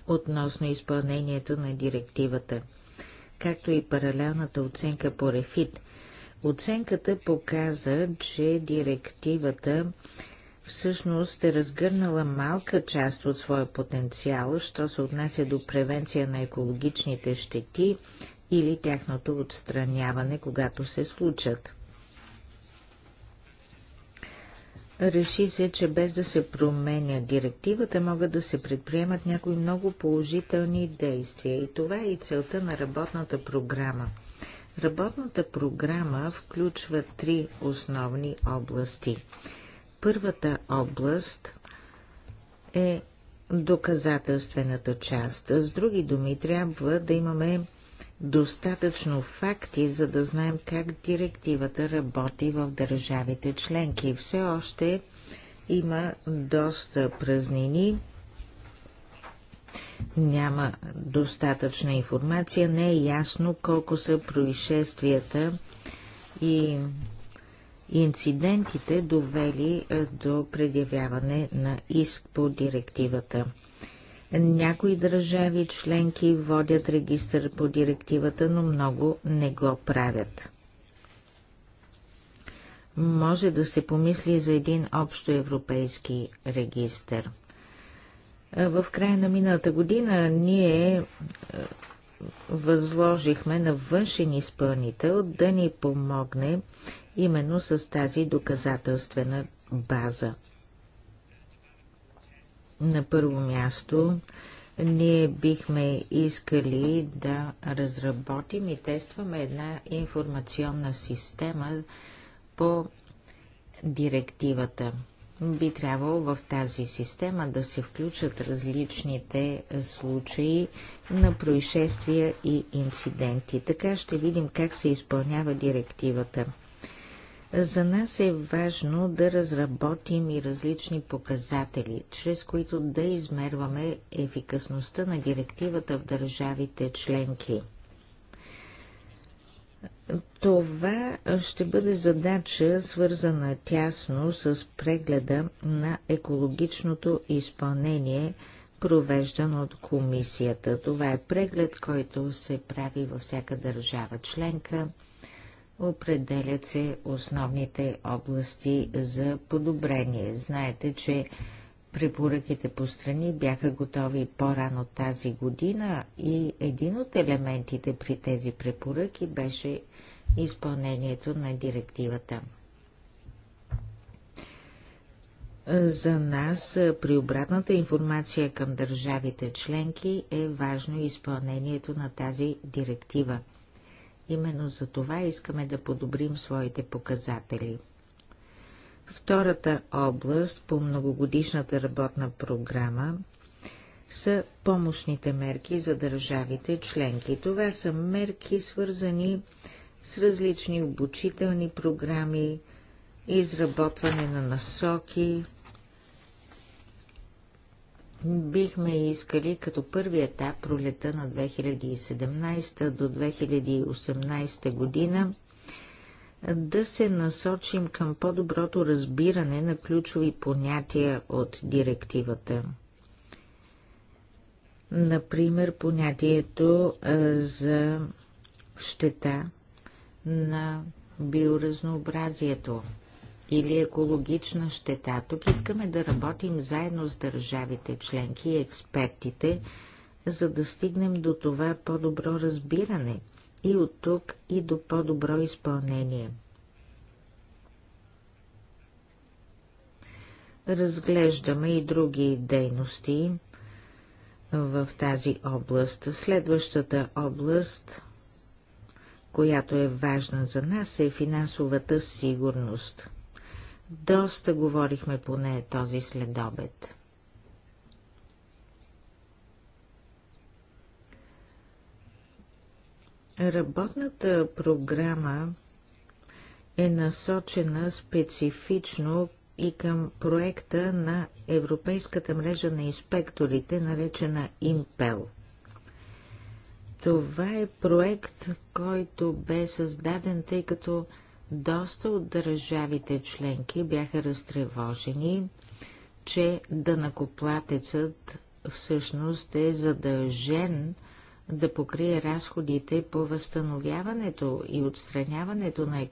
относно изпълнението на директивата – както и паралелната оценка по Рефит. Оценката показа, че директивата всъщност е разгърнала малка част от своя потенциал, що се отнася до превенция на екологичните щети или тяхното отстраняване, когато се случат. Реши се, че без да се променя директивата, могат да се предприемат някои много положителни действия. И това е и целта на работната програма. Работната програма включва три основни области. Първата област е доказателствената част. С други думи, трябва да имаме достатъчно факти, за да знаем как директивата работи в държавите членки. Все още има доста празнини, няма достатъчна информация, не е ясно колко са происшествията и инцидентите довели до предявяване на иск по директивата. Някои държави членки водят регистър по директивата, но много не го правят. Може да се помисли за един общо европейски регистър. В края на миналата година ние е, възложихме на външен изпълнител да ни помогне именно с тази доказателствена база. На първо място, ние бихме искали да разработим и тестваме една информационна система по директивата. Би трябвало в тази система да се включат различните случаи на происшествия и инциденти. Така ще видим как се изпълнява директивата. За нас е важно да разработим и различни показатели, чрез които да измерваме ефикасността на директивата в държавите членки. Това ще бъде задача, свързана тясно с прегледа на екологичното изпълнение, провеждан от комисията. Това е преглед, който се прави във всяка държава членка Определят се основните области за подобрение. Знаете, че препоръките по страни бяха готови по-рано тази година и един от елементите при тези препоръки беше изпълнението на директивата. За нас при обратната информация към държавите членки е важно изпълнението на тази директива – Именно за това искаме да подобрим своите показатели. Втората област по многогодишната работна програма са помощните мерки за държавите членки. Това са мерки свързани с различни обучителни програми, изработване на насоки, бихме искали като първи етап пролета на 2017 до 2018 година да се насочим към по-доброто разбиране на ключови понятия от директивата. Например, понятието за щета на биоразнообразието или екологична щета. Тук искаме да работим заедно с държавите, членки и експертите, за да стигнем до това по-добро разбиране и от тук и до по-добро изпълнение. Разглеждаме и други дейности в тази област. Следващата област, която е важна за нас, е финансовата сигурност – доста говорихме поне този следобед. Работната програма е насочена специфично и към проекта на Европейската мрежа на инспекторите, наречена ИМПЕЛ. Това е проект, който бе създаден, тъй като доста от държавите членки бяха разтревожени, че дънакоплатецът всъщност е задължен да покрие разходите по възстановяването и отстраняването на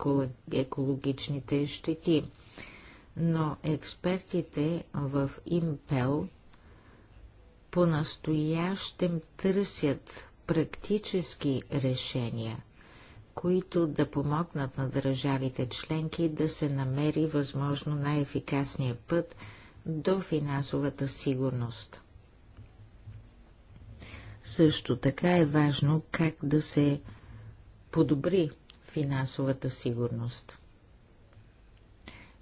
екологичните щети. Но експертите в Импел по-настоящем търсят практически решения – които да помогнат на държавите членки да се намери възможно най-ефикасния път до финансовата сигурност. Също така е важно как да се подобри финансовата сигурност.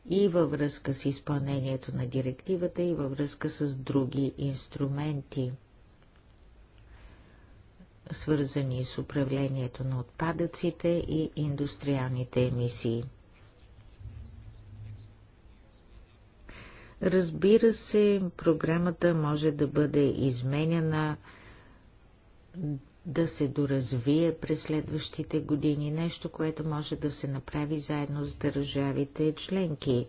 И във връзка с изпълнението на директивата, и във връзка с други инструменти – свързани с управлението на отпадъците и индустриалните емисии. Разбира се, програмата може да бъде изменена, да се доразвие през следващите години, нещо, което може да се направи заедно с държавите членки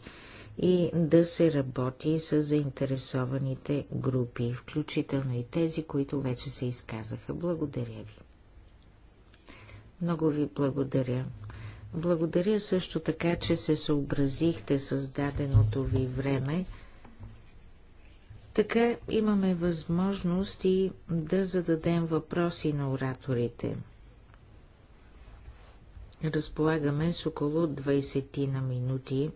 и да се работи с заинтересованите групи, включително и тези, които вече се изказаха. Благодаря ви. Много ви благодаря. Благодаря също така, че се съобразихте с даденото ви време. Така имаме възможности да зададем въпроси на ораторите. Разполагаме с около 20 на минути,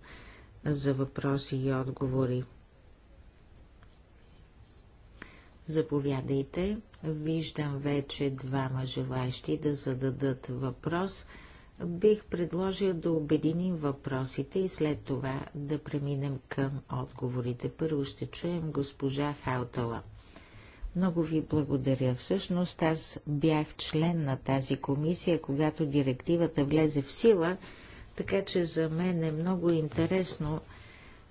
за въпроси и отговори. Заповядайте. Виждам вече двама желащи да зададат въпрос. Бих предложил да обединим въпросите и след това да преминем към отговорите. Първо ще чуем госпожа Хаутала. Много ви благодаря. Всъщност аз бях член на тази комисия, когато директивата влезе в сила – така че за мен е много интересно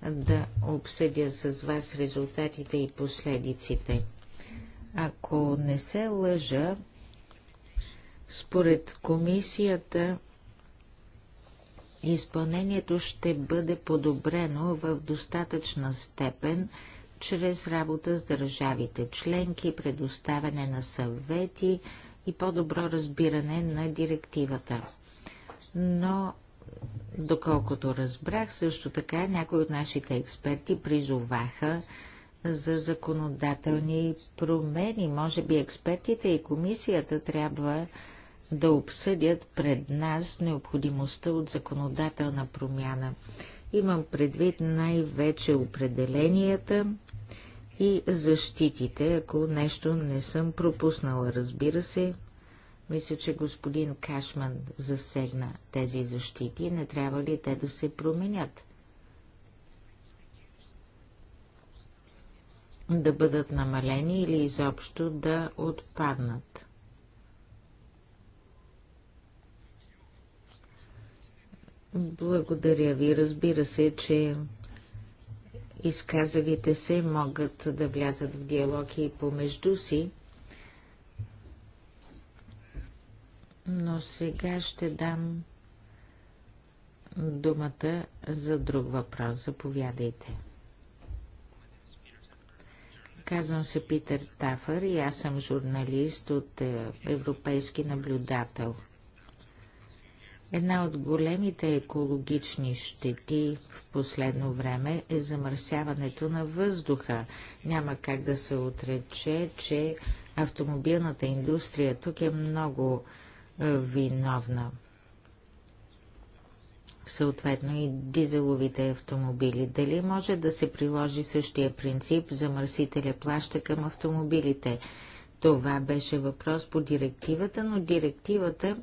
да обсъдя с вас резултатите и последиците. Ако не се лъжа, според комисията изпълнението ще бъде подобрено в достатъчна степен чрез работа с държавите членки, предоставяне на съвети и по-добро разбиране на директивата. Но Доколкото разбрах, също така някои от нашите експерти призоваха за законодателни промени. Може би експертите и комисията трябва да обсъдят пред нас необходимостта от законодателна промяна. Имам предвид най-вече определенията и защитите, ако нещо не съм пропуснала, разбира се, мисля, че господин Кашман засегна тези защити. Не трябва ли те да се променят? Да бъдат намалени или изобщо да отпаднат? Благодаря ви. Разбира се, че изказалите се могат да влязат в диалог и помежду си, но сега ще дам думата за друг въпрос. Заповядайте. Казвам се Питър Тафър и аз съм журналист от е, Европейски наблюдател. Една от големите екологични щети в последно време е замърсяването на въздуха. Няма как да се отрече, че автомобилната индустрия тук е много е, виновна. Съответно и дизеловите автомобили. Дали може да се приложи същия принцип за мърсителя, плаща към автомобилите? Това беше въпрос по директивата, но директивата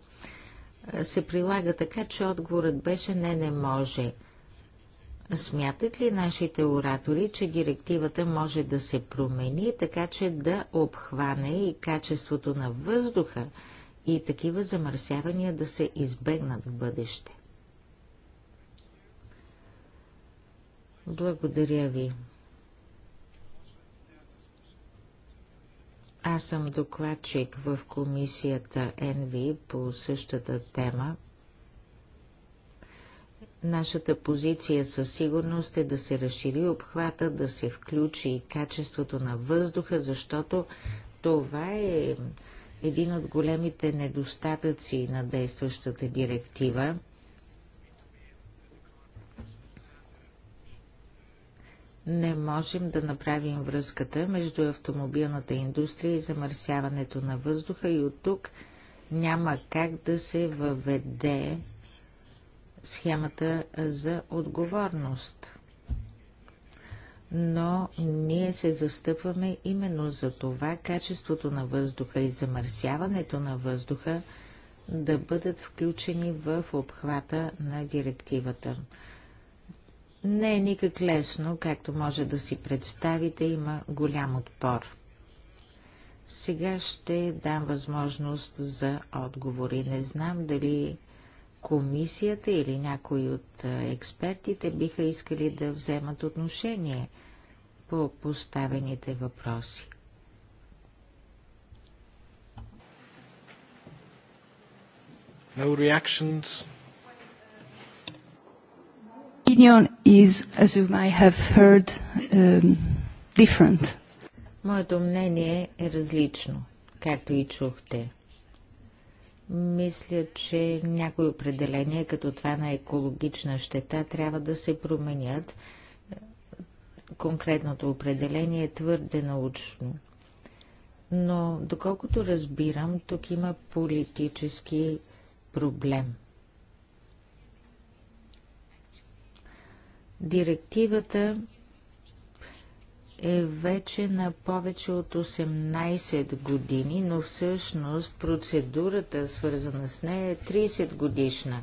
е, се прилага така, че отговорът беше не, не може. Смятат ли нашите оратори, че директивата може да се промени, така че да обхване и качеството на въздуха, и такива замърсявания да се избегнат в бъдеще. Благодаря ви. Аз съм докладчик в комисията НВ по същата тема. Нашата позиция със сигурност е да се разшири обхвата, да се включи и качеството на въздуха, защото това е един от големите недостатъци на действащата директива не можем да направим връзката между автомобилната индустрия и замърсяването на въздуха и от тук няма как да се въведе схемата за отговорност но ние се застъпваме именно за това качеството на въздуха и замърсяването на въздуха да бъдат включени в обхвата на директивата. Не е никак лесно, както може да си представите, има голям отпор. Сега ще дам възможност за отговори. Не знам дали комисията или някои от експертите биха искали да вземат отношение по поставените въпроси. No reactions. Opinion is, as you might have heard, um, different. Моето мнение е различно, както и чухте. Мисля, че някои определения, като това на екологична щета, трябва да се променят. Конкретното определение е твърде научно. Но, доколкото разбирам, тук има политически проблем. Директивата е вече на повече от 18 години, но всъщност процедурата, свързана с нея, е 30 годишна.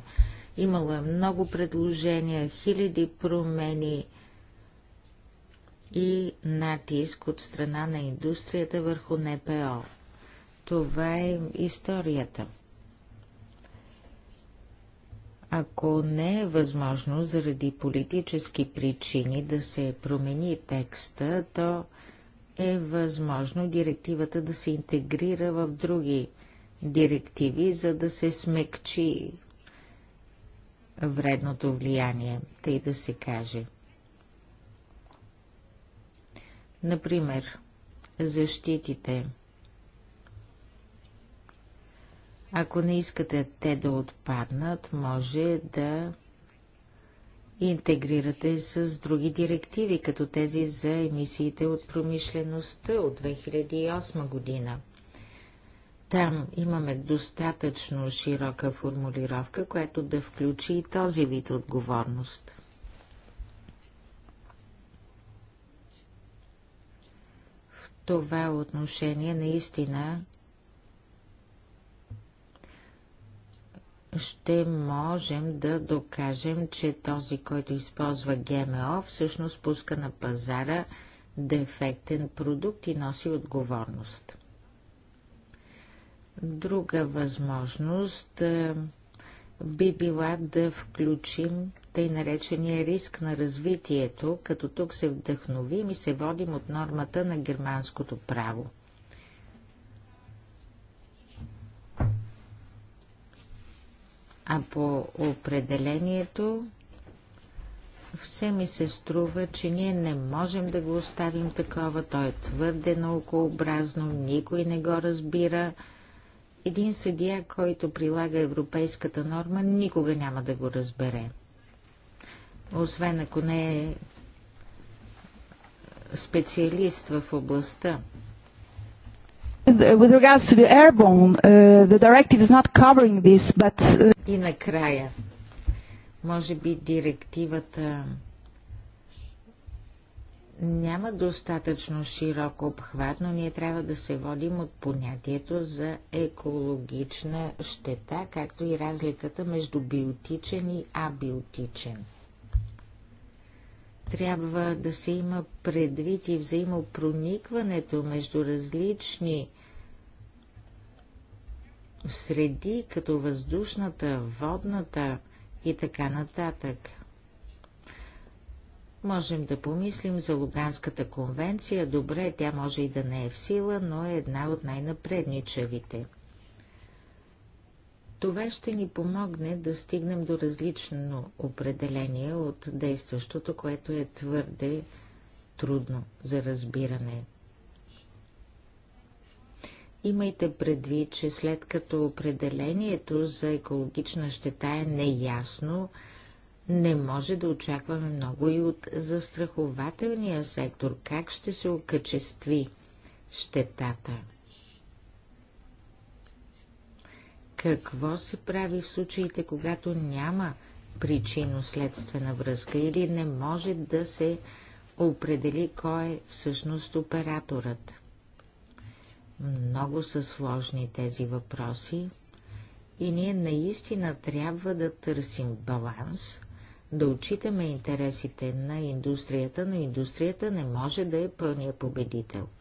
Имало е много предложения, хиляди промени и натиск от страна на индустрията върху НПО. Това е историята. Ако не е възможно заради политически причини да се промени текста, то е възможно директивата да се интегрира в други директиви, за да се смекчи вредното влияние, тъй да се каже. Например, защитите – Ако не искате те да отпаднат, може да интегрирате с други директиви, като тези за емисиите от промишлеността от 2008 година. Там имаме достатъчно широка формулировка, която да включи и този вид отговорност. В това отношение наистина ще можем да докажем, че този, който използва ГМО, всъщност пуска на пазара дефектен продукт и носи отговорност. Друга възможност е, би била да включим тъй наречения риск на развитието, като тук се вдъхновим и се водим от нормата на германското право – А по определението все ми се струва, че ние не можем да го оставим такова. Той е твърде наукообразно, никой не го разбира. Един съдия, който прилага европейската норма, никога няма да го разбере. Освен ако не е специалист в областта. Uh, with regards to the airborne, uh, the directive is not covering this, but... Uh... И накрая, може би директивата няма достатъчно широко обхват, но ние трябва да се водим от понятието за екологична щета, както и разликата между биотичен и абиотичен. Трябва да се има предвид и взаимопроникването между различни среди, като въздушната, водната и така нататък. Можем да помислим за Луганската конвенция. Добре, тя може и да не е в сила, но е една от най-напредничавите. Това ще ни помогне да стигнем до различно определение от действащото, което е твърде трудно за разбиране. Имайте предвид, че след като определението за екологична щета е неясно, не може да очакваме много и от застрахователния сектор. Как ще се окачестви щетата? Какво се прави в случаите, когато няма причинно-следствена връзка или не може да се определи кой е всъщност операторът? Много са сложни тези въпроси и ние наистина трябва да търсим баланс, да отчитаме интересите на индустрията, но индустрията не може да е пълния победител –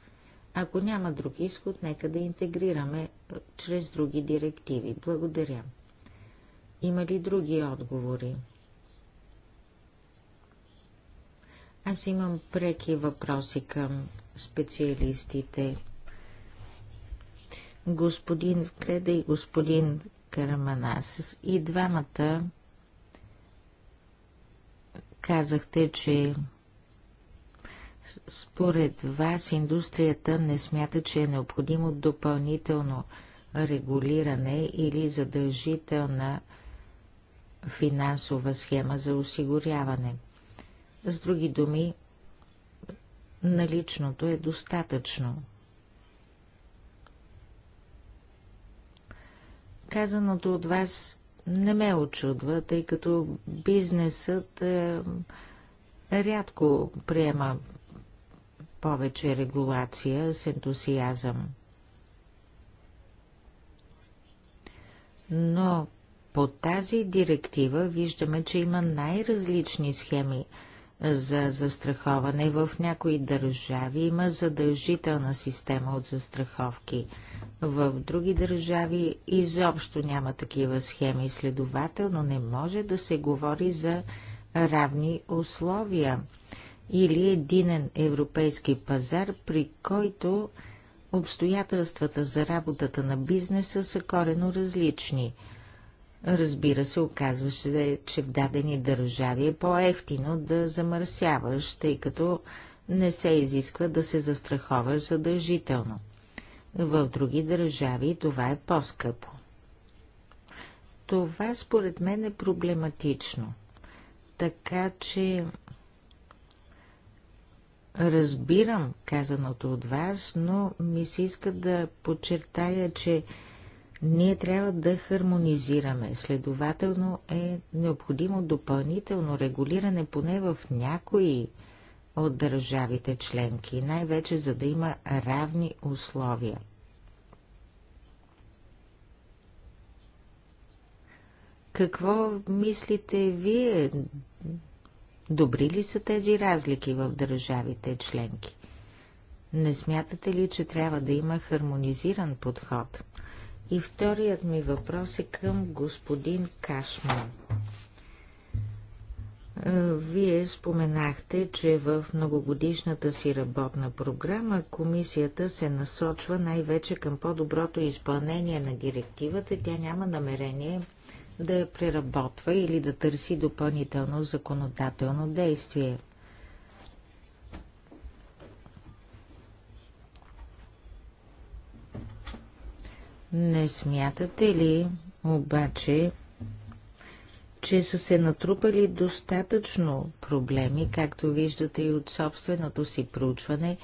ако няма друг изход, нека да интегрираме е, чрез други директиви. Благодаря. Има ли други отговори? Аз имам преки въпроси към специалистите. Господин Креда и господин Караманас, и двамата казахте, че според вас индустрията не смята, че е необходимо допълнително регулиране или задължителна финансова схема за осигуряване. С други думи, наличното е достатъчно. Казаното от вас не ме очудва, тъй като бизнесът е, рядко приема повече регулация с ентусиазъм. Но по тази директива виждаме, че има най-различни схеми за застраховане. В някои държави има задължителна система от застраховки. В други държави изобщо няма такива схеми, следователно не може да се говори за равни условия или единен европейски пазар, при който обстоятелствата за работата на бизнеса са корено различни. Разбира се, оказваше, че в дадени държави е по-ефтино да замърсяваш, тъй като не се изисква да се застраховаш задължително. В други държави това е по-скъпо. Това според мен е проблематично. Така че Разбирам казаното от вас, но ми се иска да подчертая, че ние трябва да хармонизираме. Следователно е необходимо допълнително регулиране поне в някои от държавите членки, най-вече за да има равни условия. Какво мислите вие? Добри ли са тези разлики в държавите членки? Не смятате ли, че трябва да има хармонизиран подход? И вторият ми въпрос е към господин Кашман. Е, вие споменахте, че в многогодишната си работна програма комисията се насочва най-вече към по-доброто изпълнение на директивата. Тя няма намерение да я преработва или да търси допълнително законодателно действие. Не смятате ли обаче, че са се натрупали достатъчно проблеми, както виждате и от собственото си проучване,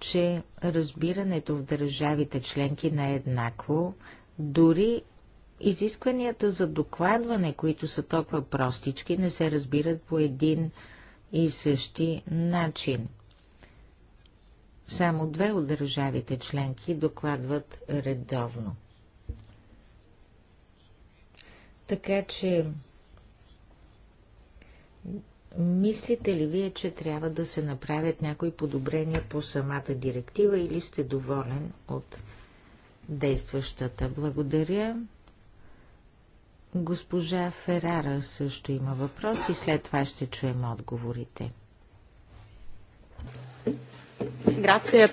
че разбирането в държавите членки не е еднакво, дори Изискванията за докладване, които са толкова простички, не се разбират по един и същи начин. Само две от държавите членки докладват редовно. Така че, мислите ли вие, че трябва да се направят някои подобрения по самата директива или сте доволен от действащата? Благодаря. Госпожа Ферара също има въпрос и след това ще чуем отговорите. Е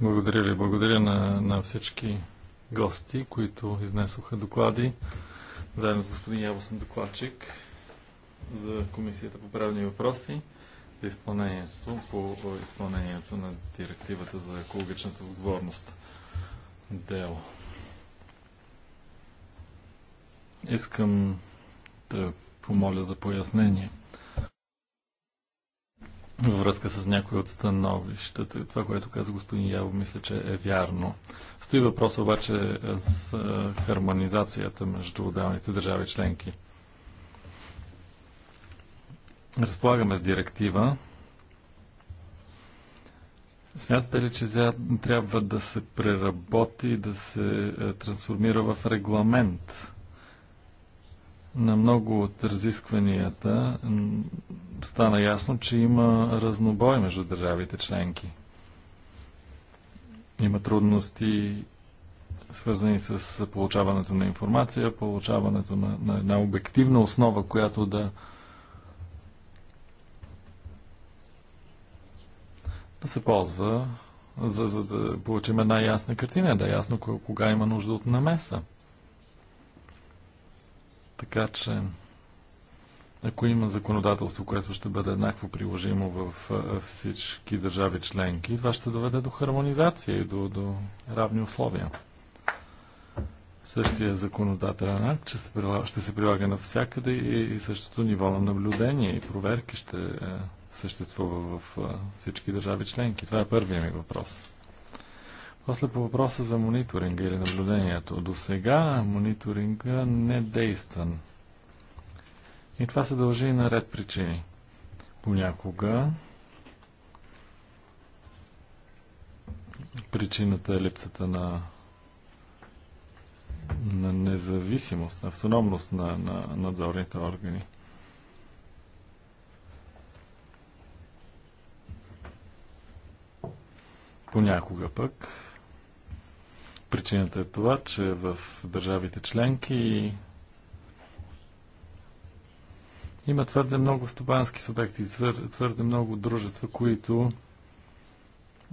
благодаря ви. Благодаря на, на всички гости, които изнесоха доклади. Заедно с господин Явосен докладчик за Комисията по правни въпроси за изпълнението по изпълнението на директивата за екологичната отговорност. Дело. Искам да помоля за пояснение във връзка с някои от становищата. Това, което каза господин Яво, мисля, че е вярно. Стои въпрос обаче с хармонизацията между отделните държави членки. Разполагаме с директива. Смятате ли, че тя трябва да се преработи, да се трансформира в регламент? на много от разискванията стана ясно, че има разнобой между държавите членки. Има трудности свързани с получаването на информация, получаването на, на една обективна основа, която да да се ползва, за, за да получим една ясна картина, да е ясно кога има нужда от намеса. Така че, ако има законодателство, което ще бъде еднакво приложимо в всички държави членки, това ще доведе до хармонизация и до, до равни условия. Същия законодателен акт ще се прилага, ще се прилага навсякъде и, и същото ниво на наблюдение и проверки ще е, съществува в всички държави членки. Това е първият ми въпрос. После по въпроса за мониторинга или наблюдението. До сега мониторинга не действан. И това се дължи и на ред причини. Понякога причината е липсата на, на независимост, на автономност на, на надзорните органи. Понякога пък Причината е това, че в държавите членки има твърде много стопански субекти, твърде много дружества, които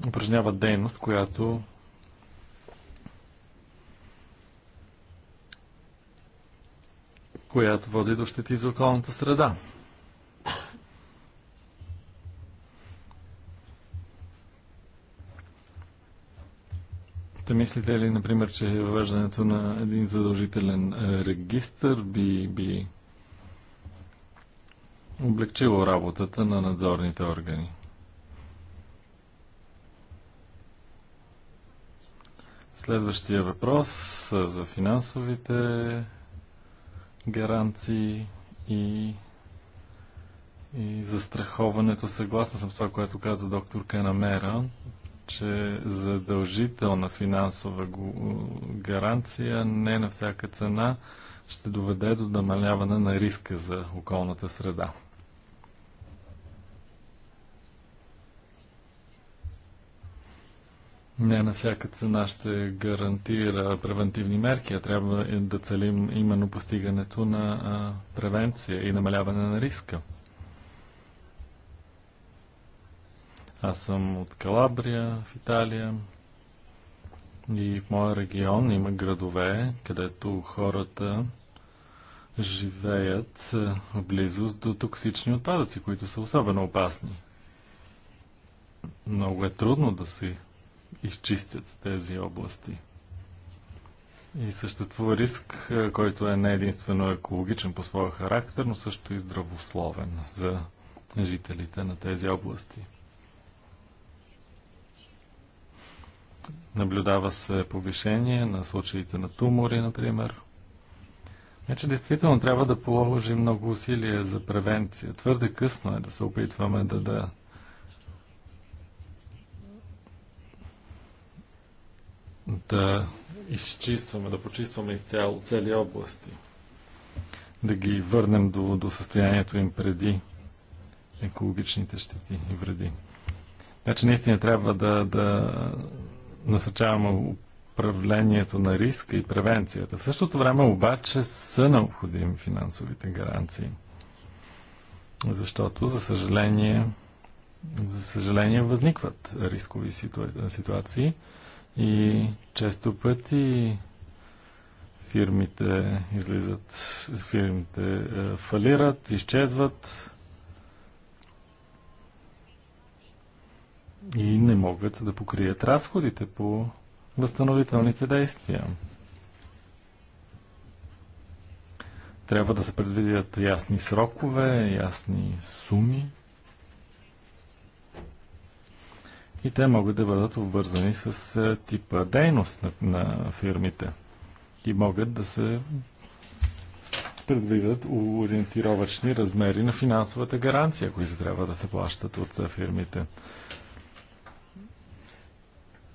упражняват дейност, която която води до щети за околната среда. ще мислите ли, например, че въвеждането на един задължителен е, регистр би, би облегчило работата на надзорните органи? Следващия въпрос е, за финансовите гаранции и, и застраховането. Съгласна съм с това, което каза доктор Канамера че задължителна финансова гаранция не на всяка цена ще доведе до намаляване на риска за околната среда. Не на всяка цена ще гарантира превентивни мерки, а трябва да целим именно постигането на превенция и намаляване на риска. Аз съм от Калабрия в Италия и в моя регион има градове, където хората живеят е, в близост до токсични отпадъци, които са особено опасни. Много е трудно да се изчистят тези области. И съществува риск, е, който е не единствено екологичен по своя характер, но също и здравословен за жителите на тези области. Наблюдава се повишение на случаите на тумори, например. Значи, действително трябва да положим много усилия за превенция. Твърде късно е да се опитваме да, да да изчистваме, да почистваме изцяло цели области, да ги върнем до, до състоянието им преди екологичните щети и вреди. Така значи, че наистина трябва да, да насърчаваме управлението на риска и превенцията. В същото време обаче са необходими финансовите гаранции. Защото, за съжаление, за съжаление възникват рискови ситуации и често пъти фирмите излизат, фирмите е, фалират, изчезват, и не могат да покрият разходите по възстановителните действия. Трябва да се предвидят ясни срокове, ясни суми. И те могат да бъдат обвързани с е, типа дейност на, на фирмите. И могат да се предвидят ориентировачни размери на финансовата гаранция, които трябва да се плащат от е, фирмите.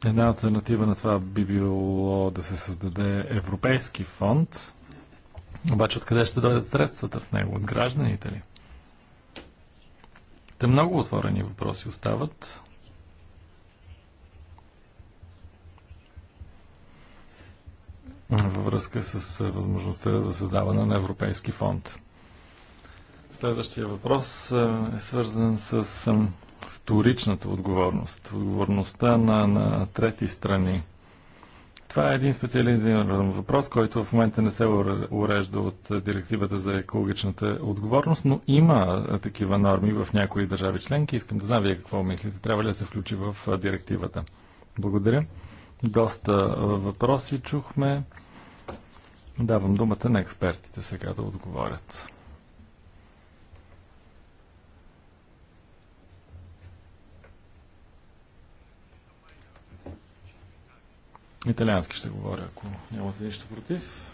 Една альтернатива на това би било да се създаде европейски фонд. Обаче откъде ще дойдат средствата в него? От гражданите ли? Те много отворени въпроси остават. във връзка с е, възможността за създаване на Европейски фонд. Следващия въпрос е, е свързан с вторичната отговорност, отговорността на, на трети страни. Това е един специализиран въпрос, който в момента не се урежда от директивата за екологичната отговорност, но има такива норми в някои държави членки. Искам да знам вие какво мислите. Трябва ли да се включи в директивата? Благодаря. Доста въпроси чухме. Давам думата на експертите сега да отговорят. На италиански ще говоря, ако нямате нищо против.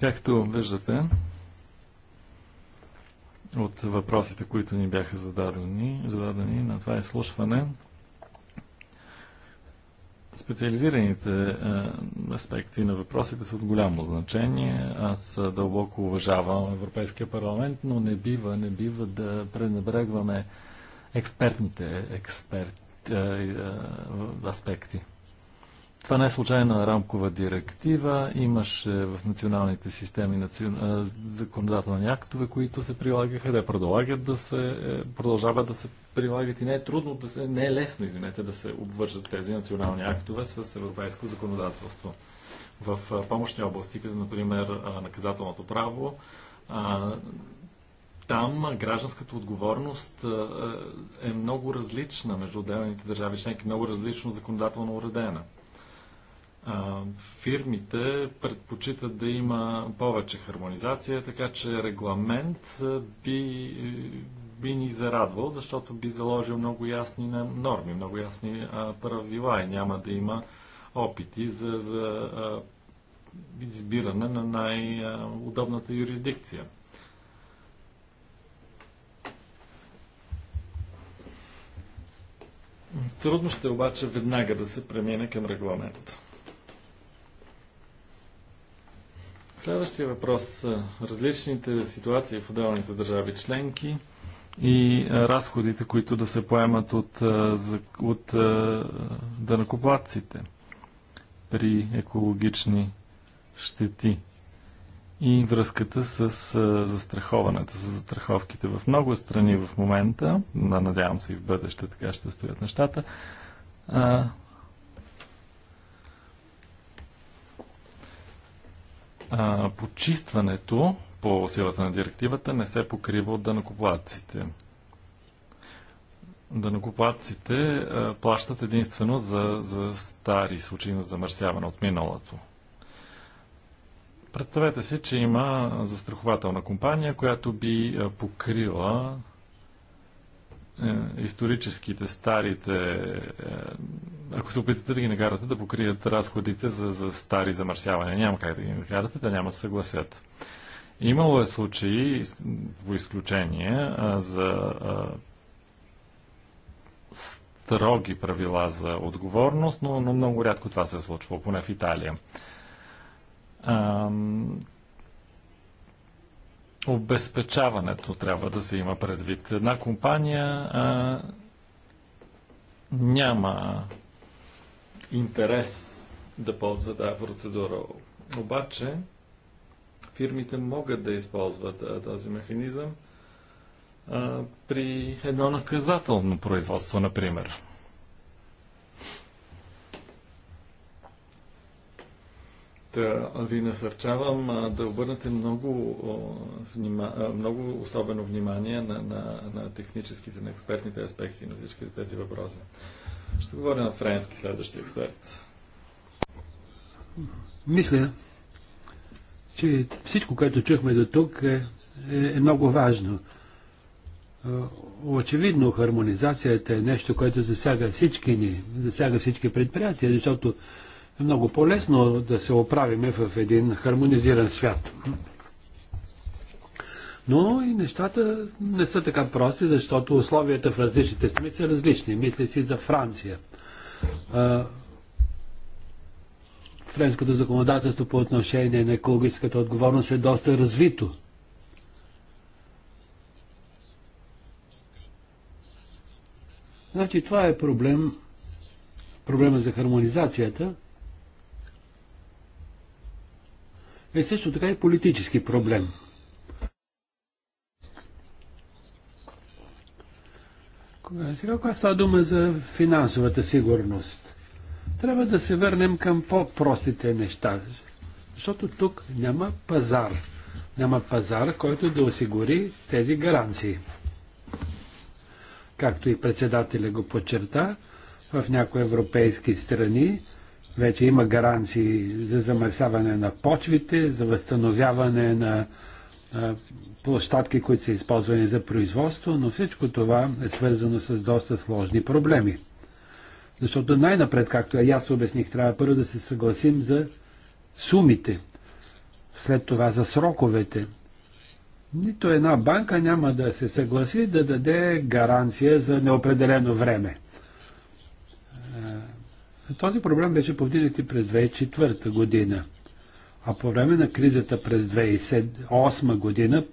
Както виждате, от въпросите, които ни бяха зададени, зададени на това изслушване, Специализираните е, аспекти на въпросите са от голямо значение. Аз е, дълбоко уважавам Европейския парламент, но не бива, не бива да пренебрегваме експертните експерт, а, е, а, аспекти. Това не е случайна рамкова директива. Имаше в националните системи законодателни актове, които се прилагаха, да продължават да се, продължават да се прилагат и не е трудно, да се, не е лесно, извинете, да се обвържат тези национални актове с европейско законодателство. В помощни области, като например наказателното право, там гражданската отговорност е много различна между отделните държави членки, много различно законодателно уредена. Фирмите предпочитат да има повече хармонизация, така че регламент би би ни зарадвал, защото би заложил много ясни норми, много ясни правила и няма да има опити за, за избиране на най-удобната юрисдикция. Трудно ще обаче веднага да се премине към регламент. Следващия въпрос са различните ситуации в отделните държави членки – и разходите, които да се поемат от, от дънакоплатците при екологични щети и връзката с застраховането, с застраховките. В много страни в момента, надявам се и в бъдеще така ще стоят нещата, почистването по силата на директивата не се покрива от данакоплатците. Данакоплатците е, плащат единствено за, за стари случаи на замърсяване от миналото. Представете си, че има застрахователна компания, която би е, покрила е, историческите, старите, ако се опитате да ги накарате да покрият разходите за, за стари замърсявания, няма как да ги накарате, да няма съгласят. Имало е случаи, по изключение, за строги правила за отговорност, но, но много рядко това се е случвало, поне в Италия. Ам... Обезпечаването трябва да се има предвид. Една компания а, няма интерес да ползва тази процедура. Обаче, фирмите могат да използват а, този механизъм а, при едно наказателно производство, например. Та ви насърчавам а, да обърнете много, внима, а, много особено внимание на, на, на техническите, на експертните аспекти на всички тези въпроси. Ще говоря на френски следващия експерт. Мисля, че всичко, което чухме до тук е, е, е много важно. Е, очевидно, хармонизацията е нещо, което засяга всички ни, засяга всички предприятия, защото е много по-лесно да се оправиме в един хармонизиран свят. Но и нещата не са така прости, защото условията в различните страни са различни. Мисля си за Франция френското законодателство по отношение на екологическата отговорност е доста развито. Значи това е проблем, проблема за хармонизацията. Е също така и политически проблем. Сега, когато става дума за финансовата сигурност, трябва да се върнем към по-простите неща, защото тук няма пазар. Няма пазар, който да осигури тези гаранции. Както и председателя го подчерта, в някои европейски страни вече има гаранции за замърсяване на почвите, за възстановяване на площадки, които са използвани за производство, но всичко това е свързано с доста сложни проблеми. Защото най-напред, както и аз обясних, трябва първо да се съгласим за сумите, след това за сроковете. Нито една банка няма да се съгласи да даде гаранция за неопределено време. Е, този проблем беше повдигнат и през 2004 година. А по време на кризата през 2008 година,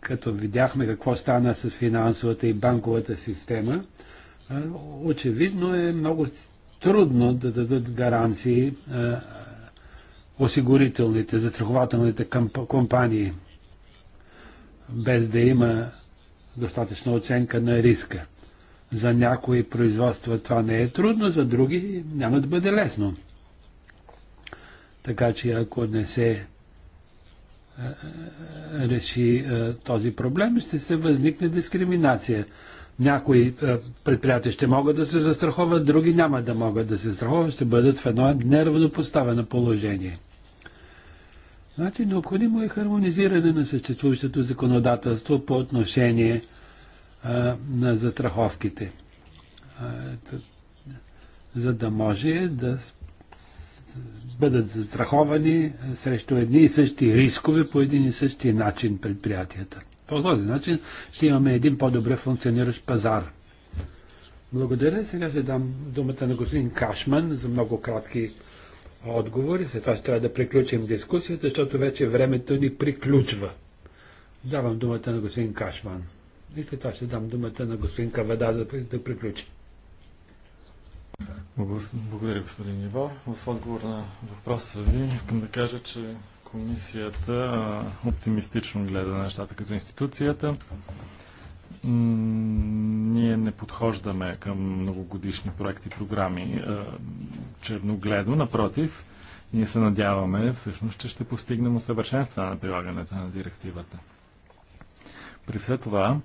като видяхме какво стана с финансовата и банковата система, очевидно е много трудно да дадат гаранции осигурителните, застрахователните компании, без да има достатъчна оценка на риска. За някои производства това не е трудно, за други няма да бъде лесно. Така че ако не се реши този проблем, ще се възникне дискриминация. Някои е, предприятия ще могат да се застраховат, други няма да могат да се застраховат, ще бъдат в едно неравнопоставено положение. Значи необходимо е хармонизиране на съществуващото законодателство по отношение а, е, на застраховките, а, е, за да може да бъдат застраховани срещу едни и същи рискове по един и същи начин предприятията. По този начин ще имаме един по-добре функциониращ пазар. Благодаря. Сега ще дам думата на господин Кашман за много кратки отговори. След това ще трябва да приключим дискусията, защото вече времето ни приключва. Давам думата на господин Кашман. И след това ще дам думата на господин Кавада да, да приключи. Благодаря, господин Ниво. В отговор на въпроса ви искам да кажа, че Комисията оптимистично гледа на нещата като институцията. Ние не подхождаме към многогодишни проекти, програми черногледо. Напротив, ние се надяваме всъщност, че ще постигнем усъвършенстване на прилагането на директивата. При все това,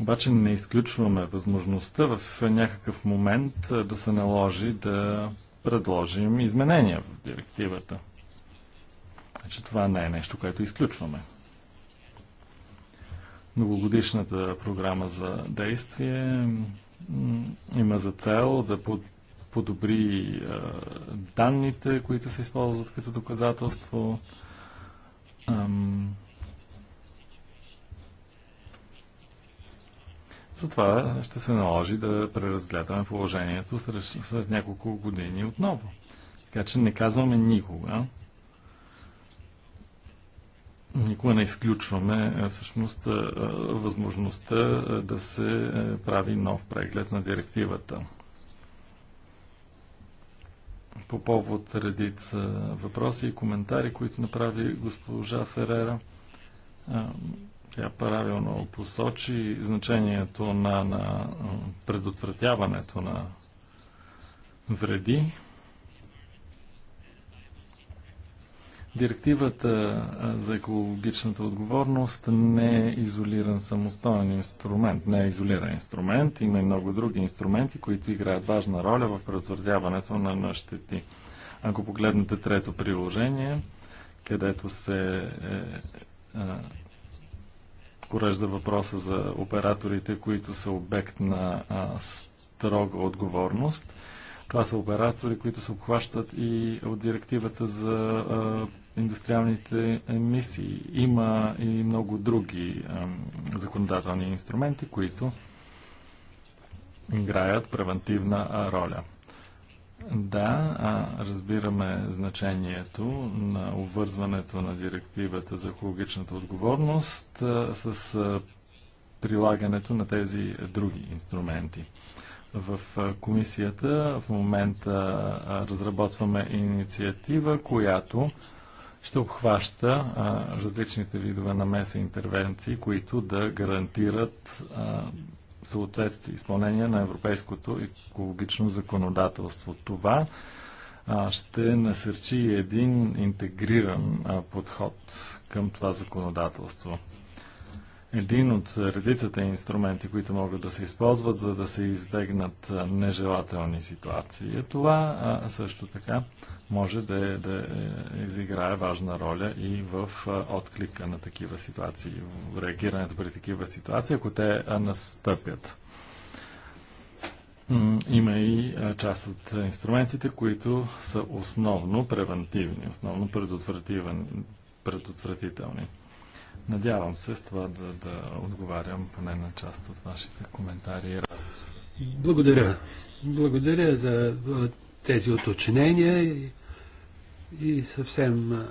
обаче не изключваме възможността в някакъв момент да се наложи да предложим изменения в директивата. Значи това не е нещо, което изключваме. Многогодишната програма за действие има за цел да подобри данните, които се използват като доказателство. Затова ще се наложи да преразгледаме положението след няколко години отново. Така че не казваме никога, никога не изключваме всъщност възможността да се прави нов преглед на директивата. По повод редица въпроси и коментари, които направи госпожа Ферера, тя правилно посочи значението на, на предотвратяването на вреди Директивата за екологичната отговорност не е изолиран самостоен инструмент, не е изолиран инструмент, има и много други инструменти, които играят важна роля в предотвратяването на, на щети. Ако погледнете трето приложение, където се е, е, урежда въпроса за операторите, които са обект на а, строга отговорност, това са оператори, които се обхващат и от директивата за а, индустриалните емисии. Има и много други законодателни инструменти, които играят превентивна роля. Да, а, разбираме значението на обвързването на директивата за екологичната отговорност а, с а, прилагането на тези други инструменти. В комисията в момента разработваме инициатива, която ще обхваща а, различните видове намеса и интервенции, които да гарантират а, съответствие, изпълнение на европейското екологично законодателство. Това а, ще насърчи един интегриран а, подход към това законодателство. Един от редицата инструменти, които могат да се използват, за да се избегнат нежелателни ситуации. Е това а, също така може да, е, да е, изиграе важна роля и в отклика на такива ситуации, в реагирането при такива ситуации, ако те настъпят. Има и част от инструментите, които са основно превентивни, основно предотвратителни. Надявам се с това да, да отговарям поне на част от вашите коментари. и Благодаря. Благодаря за тези уточнения. И съвсем а,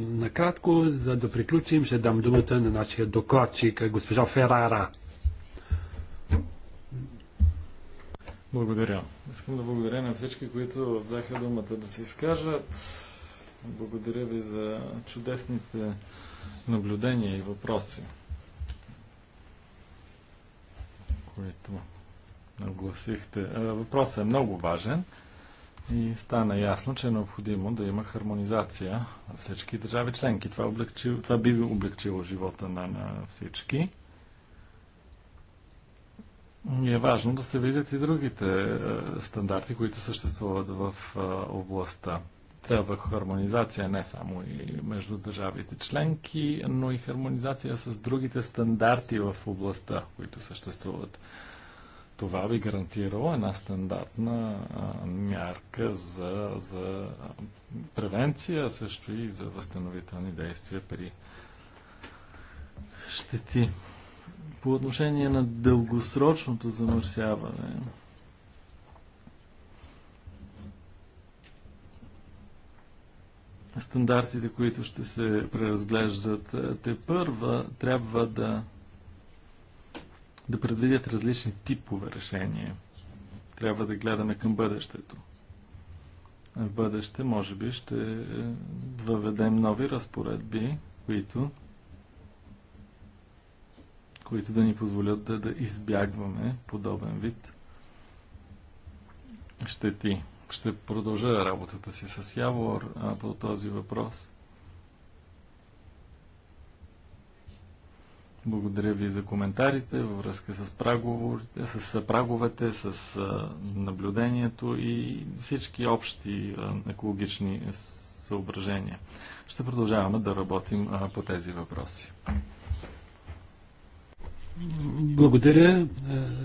накратко, за да приключим, ще дам думата на нашия докладчик, госпожа Ферара. Благодаря. Искам да благодаря на всички, които взеха думата да се изкажат. Благодаря ви за чудесните наблюдения и въпроси, които нагласихте. Въпросът е много важен. И стана ясно, че е необходимо да има хармонизация на всички държави членки. Това, облегчи, това би облегчило живота на, на всички. И е важно да се видят и другите е, стандарти, които съществуват в е, областта. Трябва хармонизация не само и между държавите членки, но и хармонизация с другите стандарти в областта, които съществуват. Това би гарантирало една стандартна а, мярка за, за превенция, също и за възстановителни действия при щети. По отношение на дългосрочното замърсяване, стандартите, които ще се преразглеждат те първа, трябва да да предвидят различни типове решения. Трябва да гледаме към бъдещето. В бъдеще, може би, ще въведем нови разпоредби, които, които да ни позволят да, да избягваме подобен вид щети. Ще продължа работата си с Явор по този въпрос. Благодаря ви за коментарите във връзка с, с праговете, с наблюдението и всички общи екологични съображения. Ще продължаваме да работим по тези въпроси. Благодаря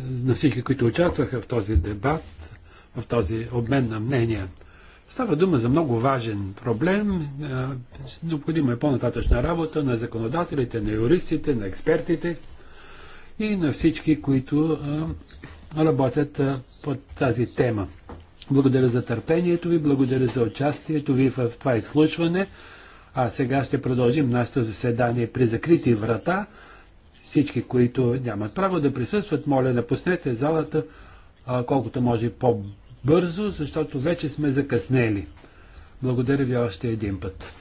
на всички, които участваха в този дебат, в този обмен на мнения. Става дума за много важен проблем. Необходима е по-нататъчна работа на законодателите, на юристите, на експертите и на всички, които работят по тази тема. Благодаря за търпението ви, благодаря за участието ви в това изслушване. А сега ще продължим нашето заседание при закрити врата. Всички, които нямат право да присъстват, моля, напуснете залата колкото може по-бързо бързо, защото вече сме закъснели. Благодаря ви още един път.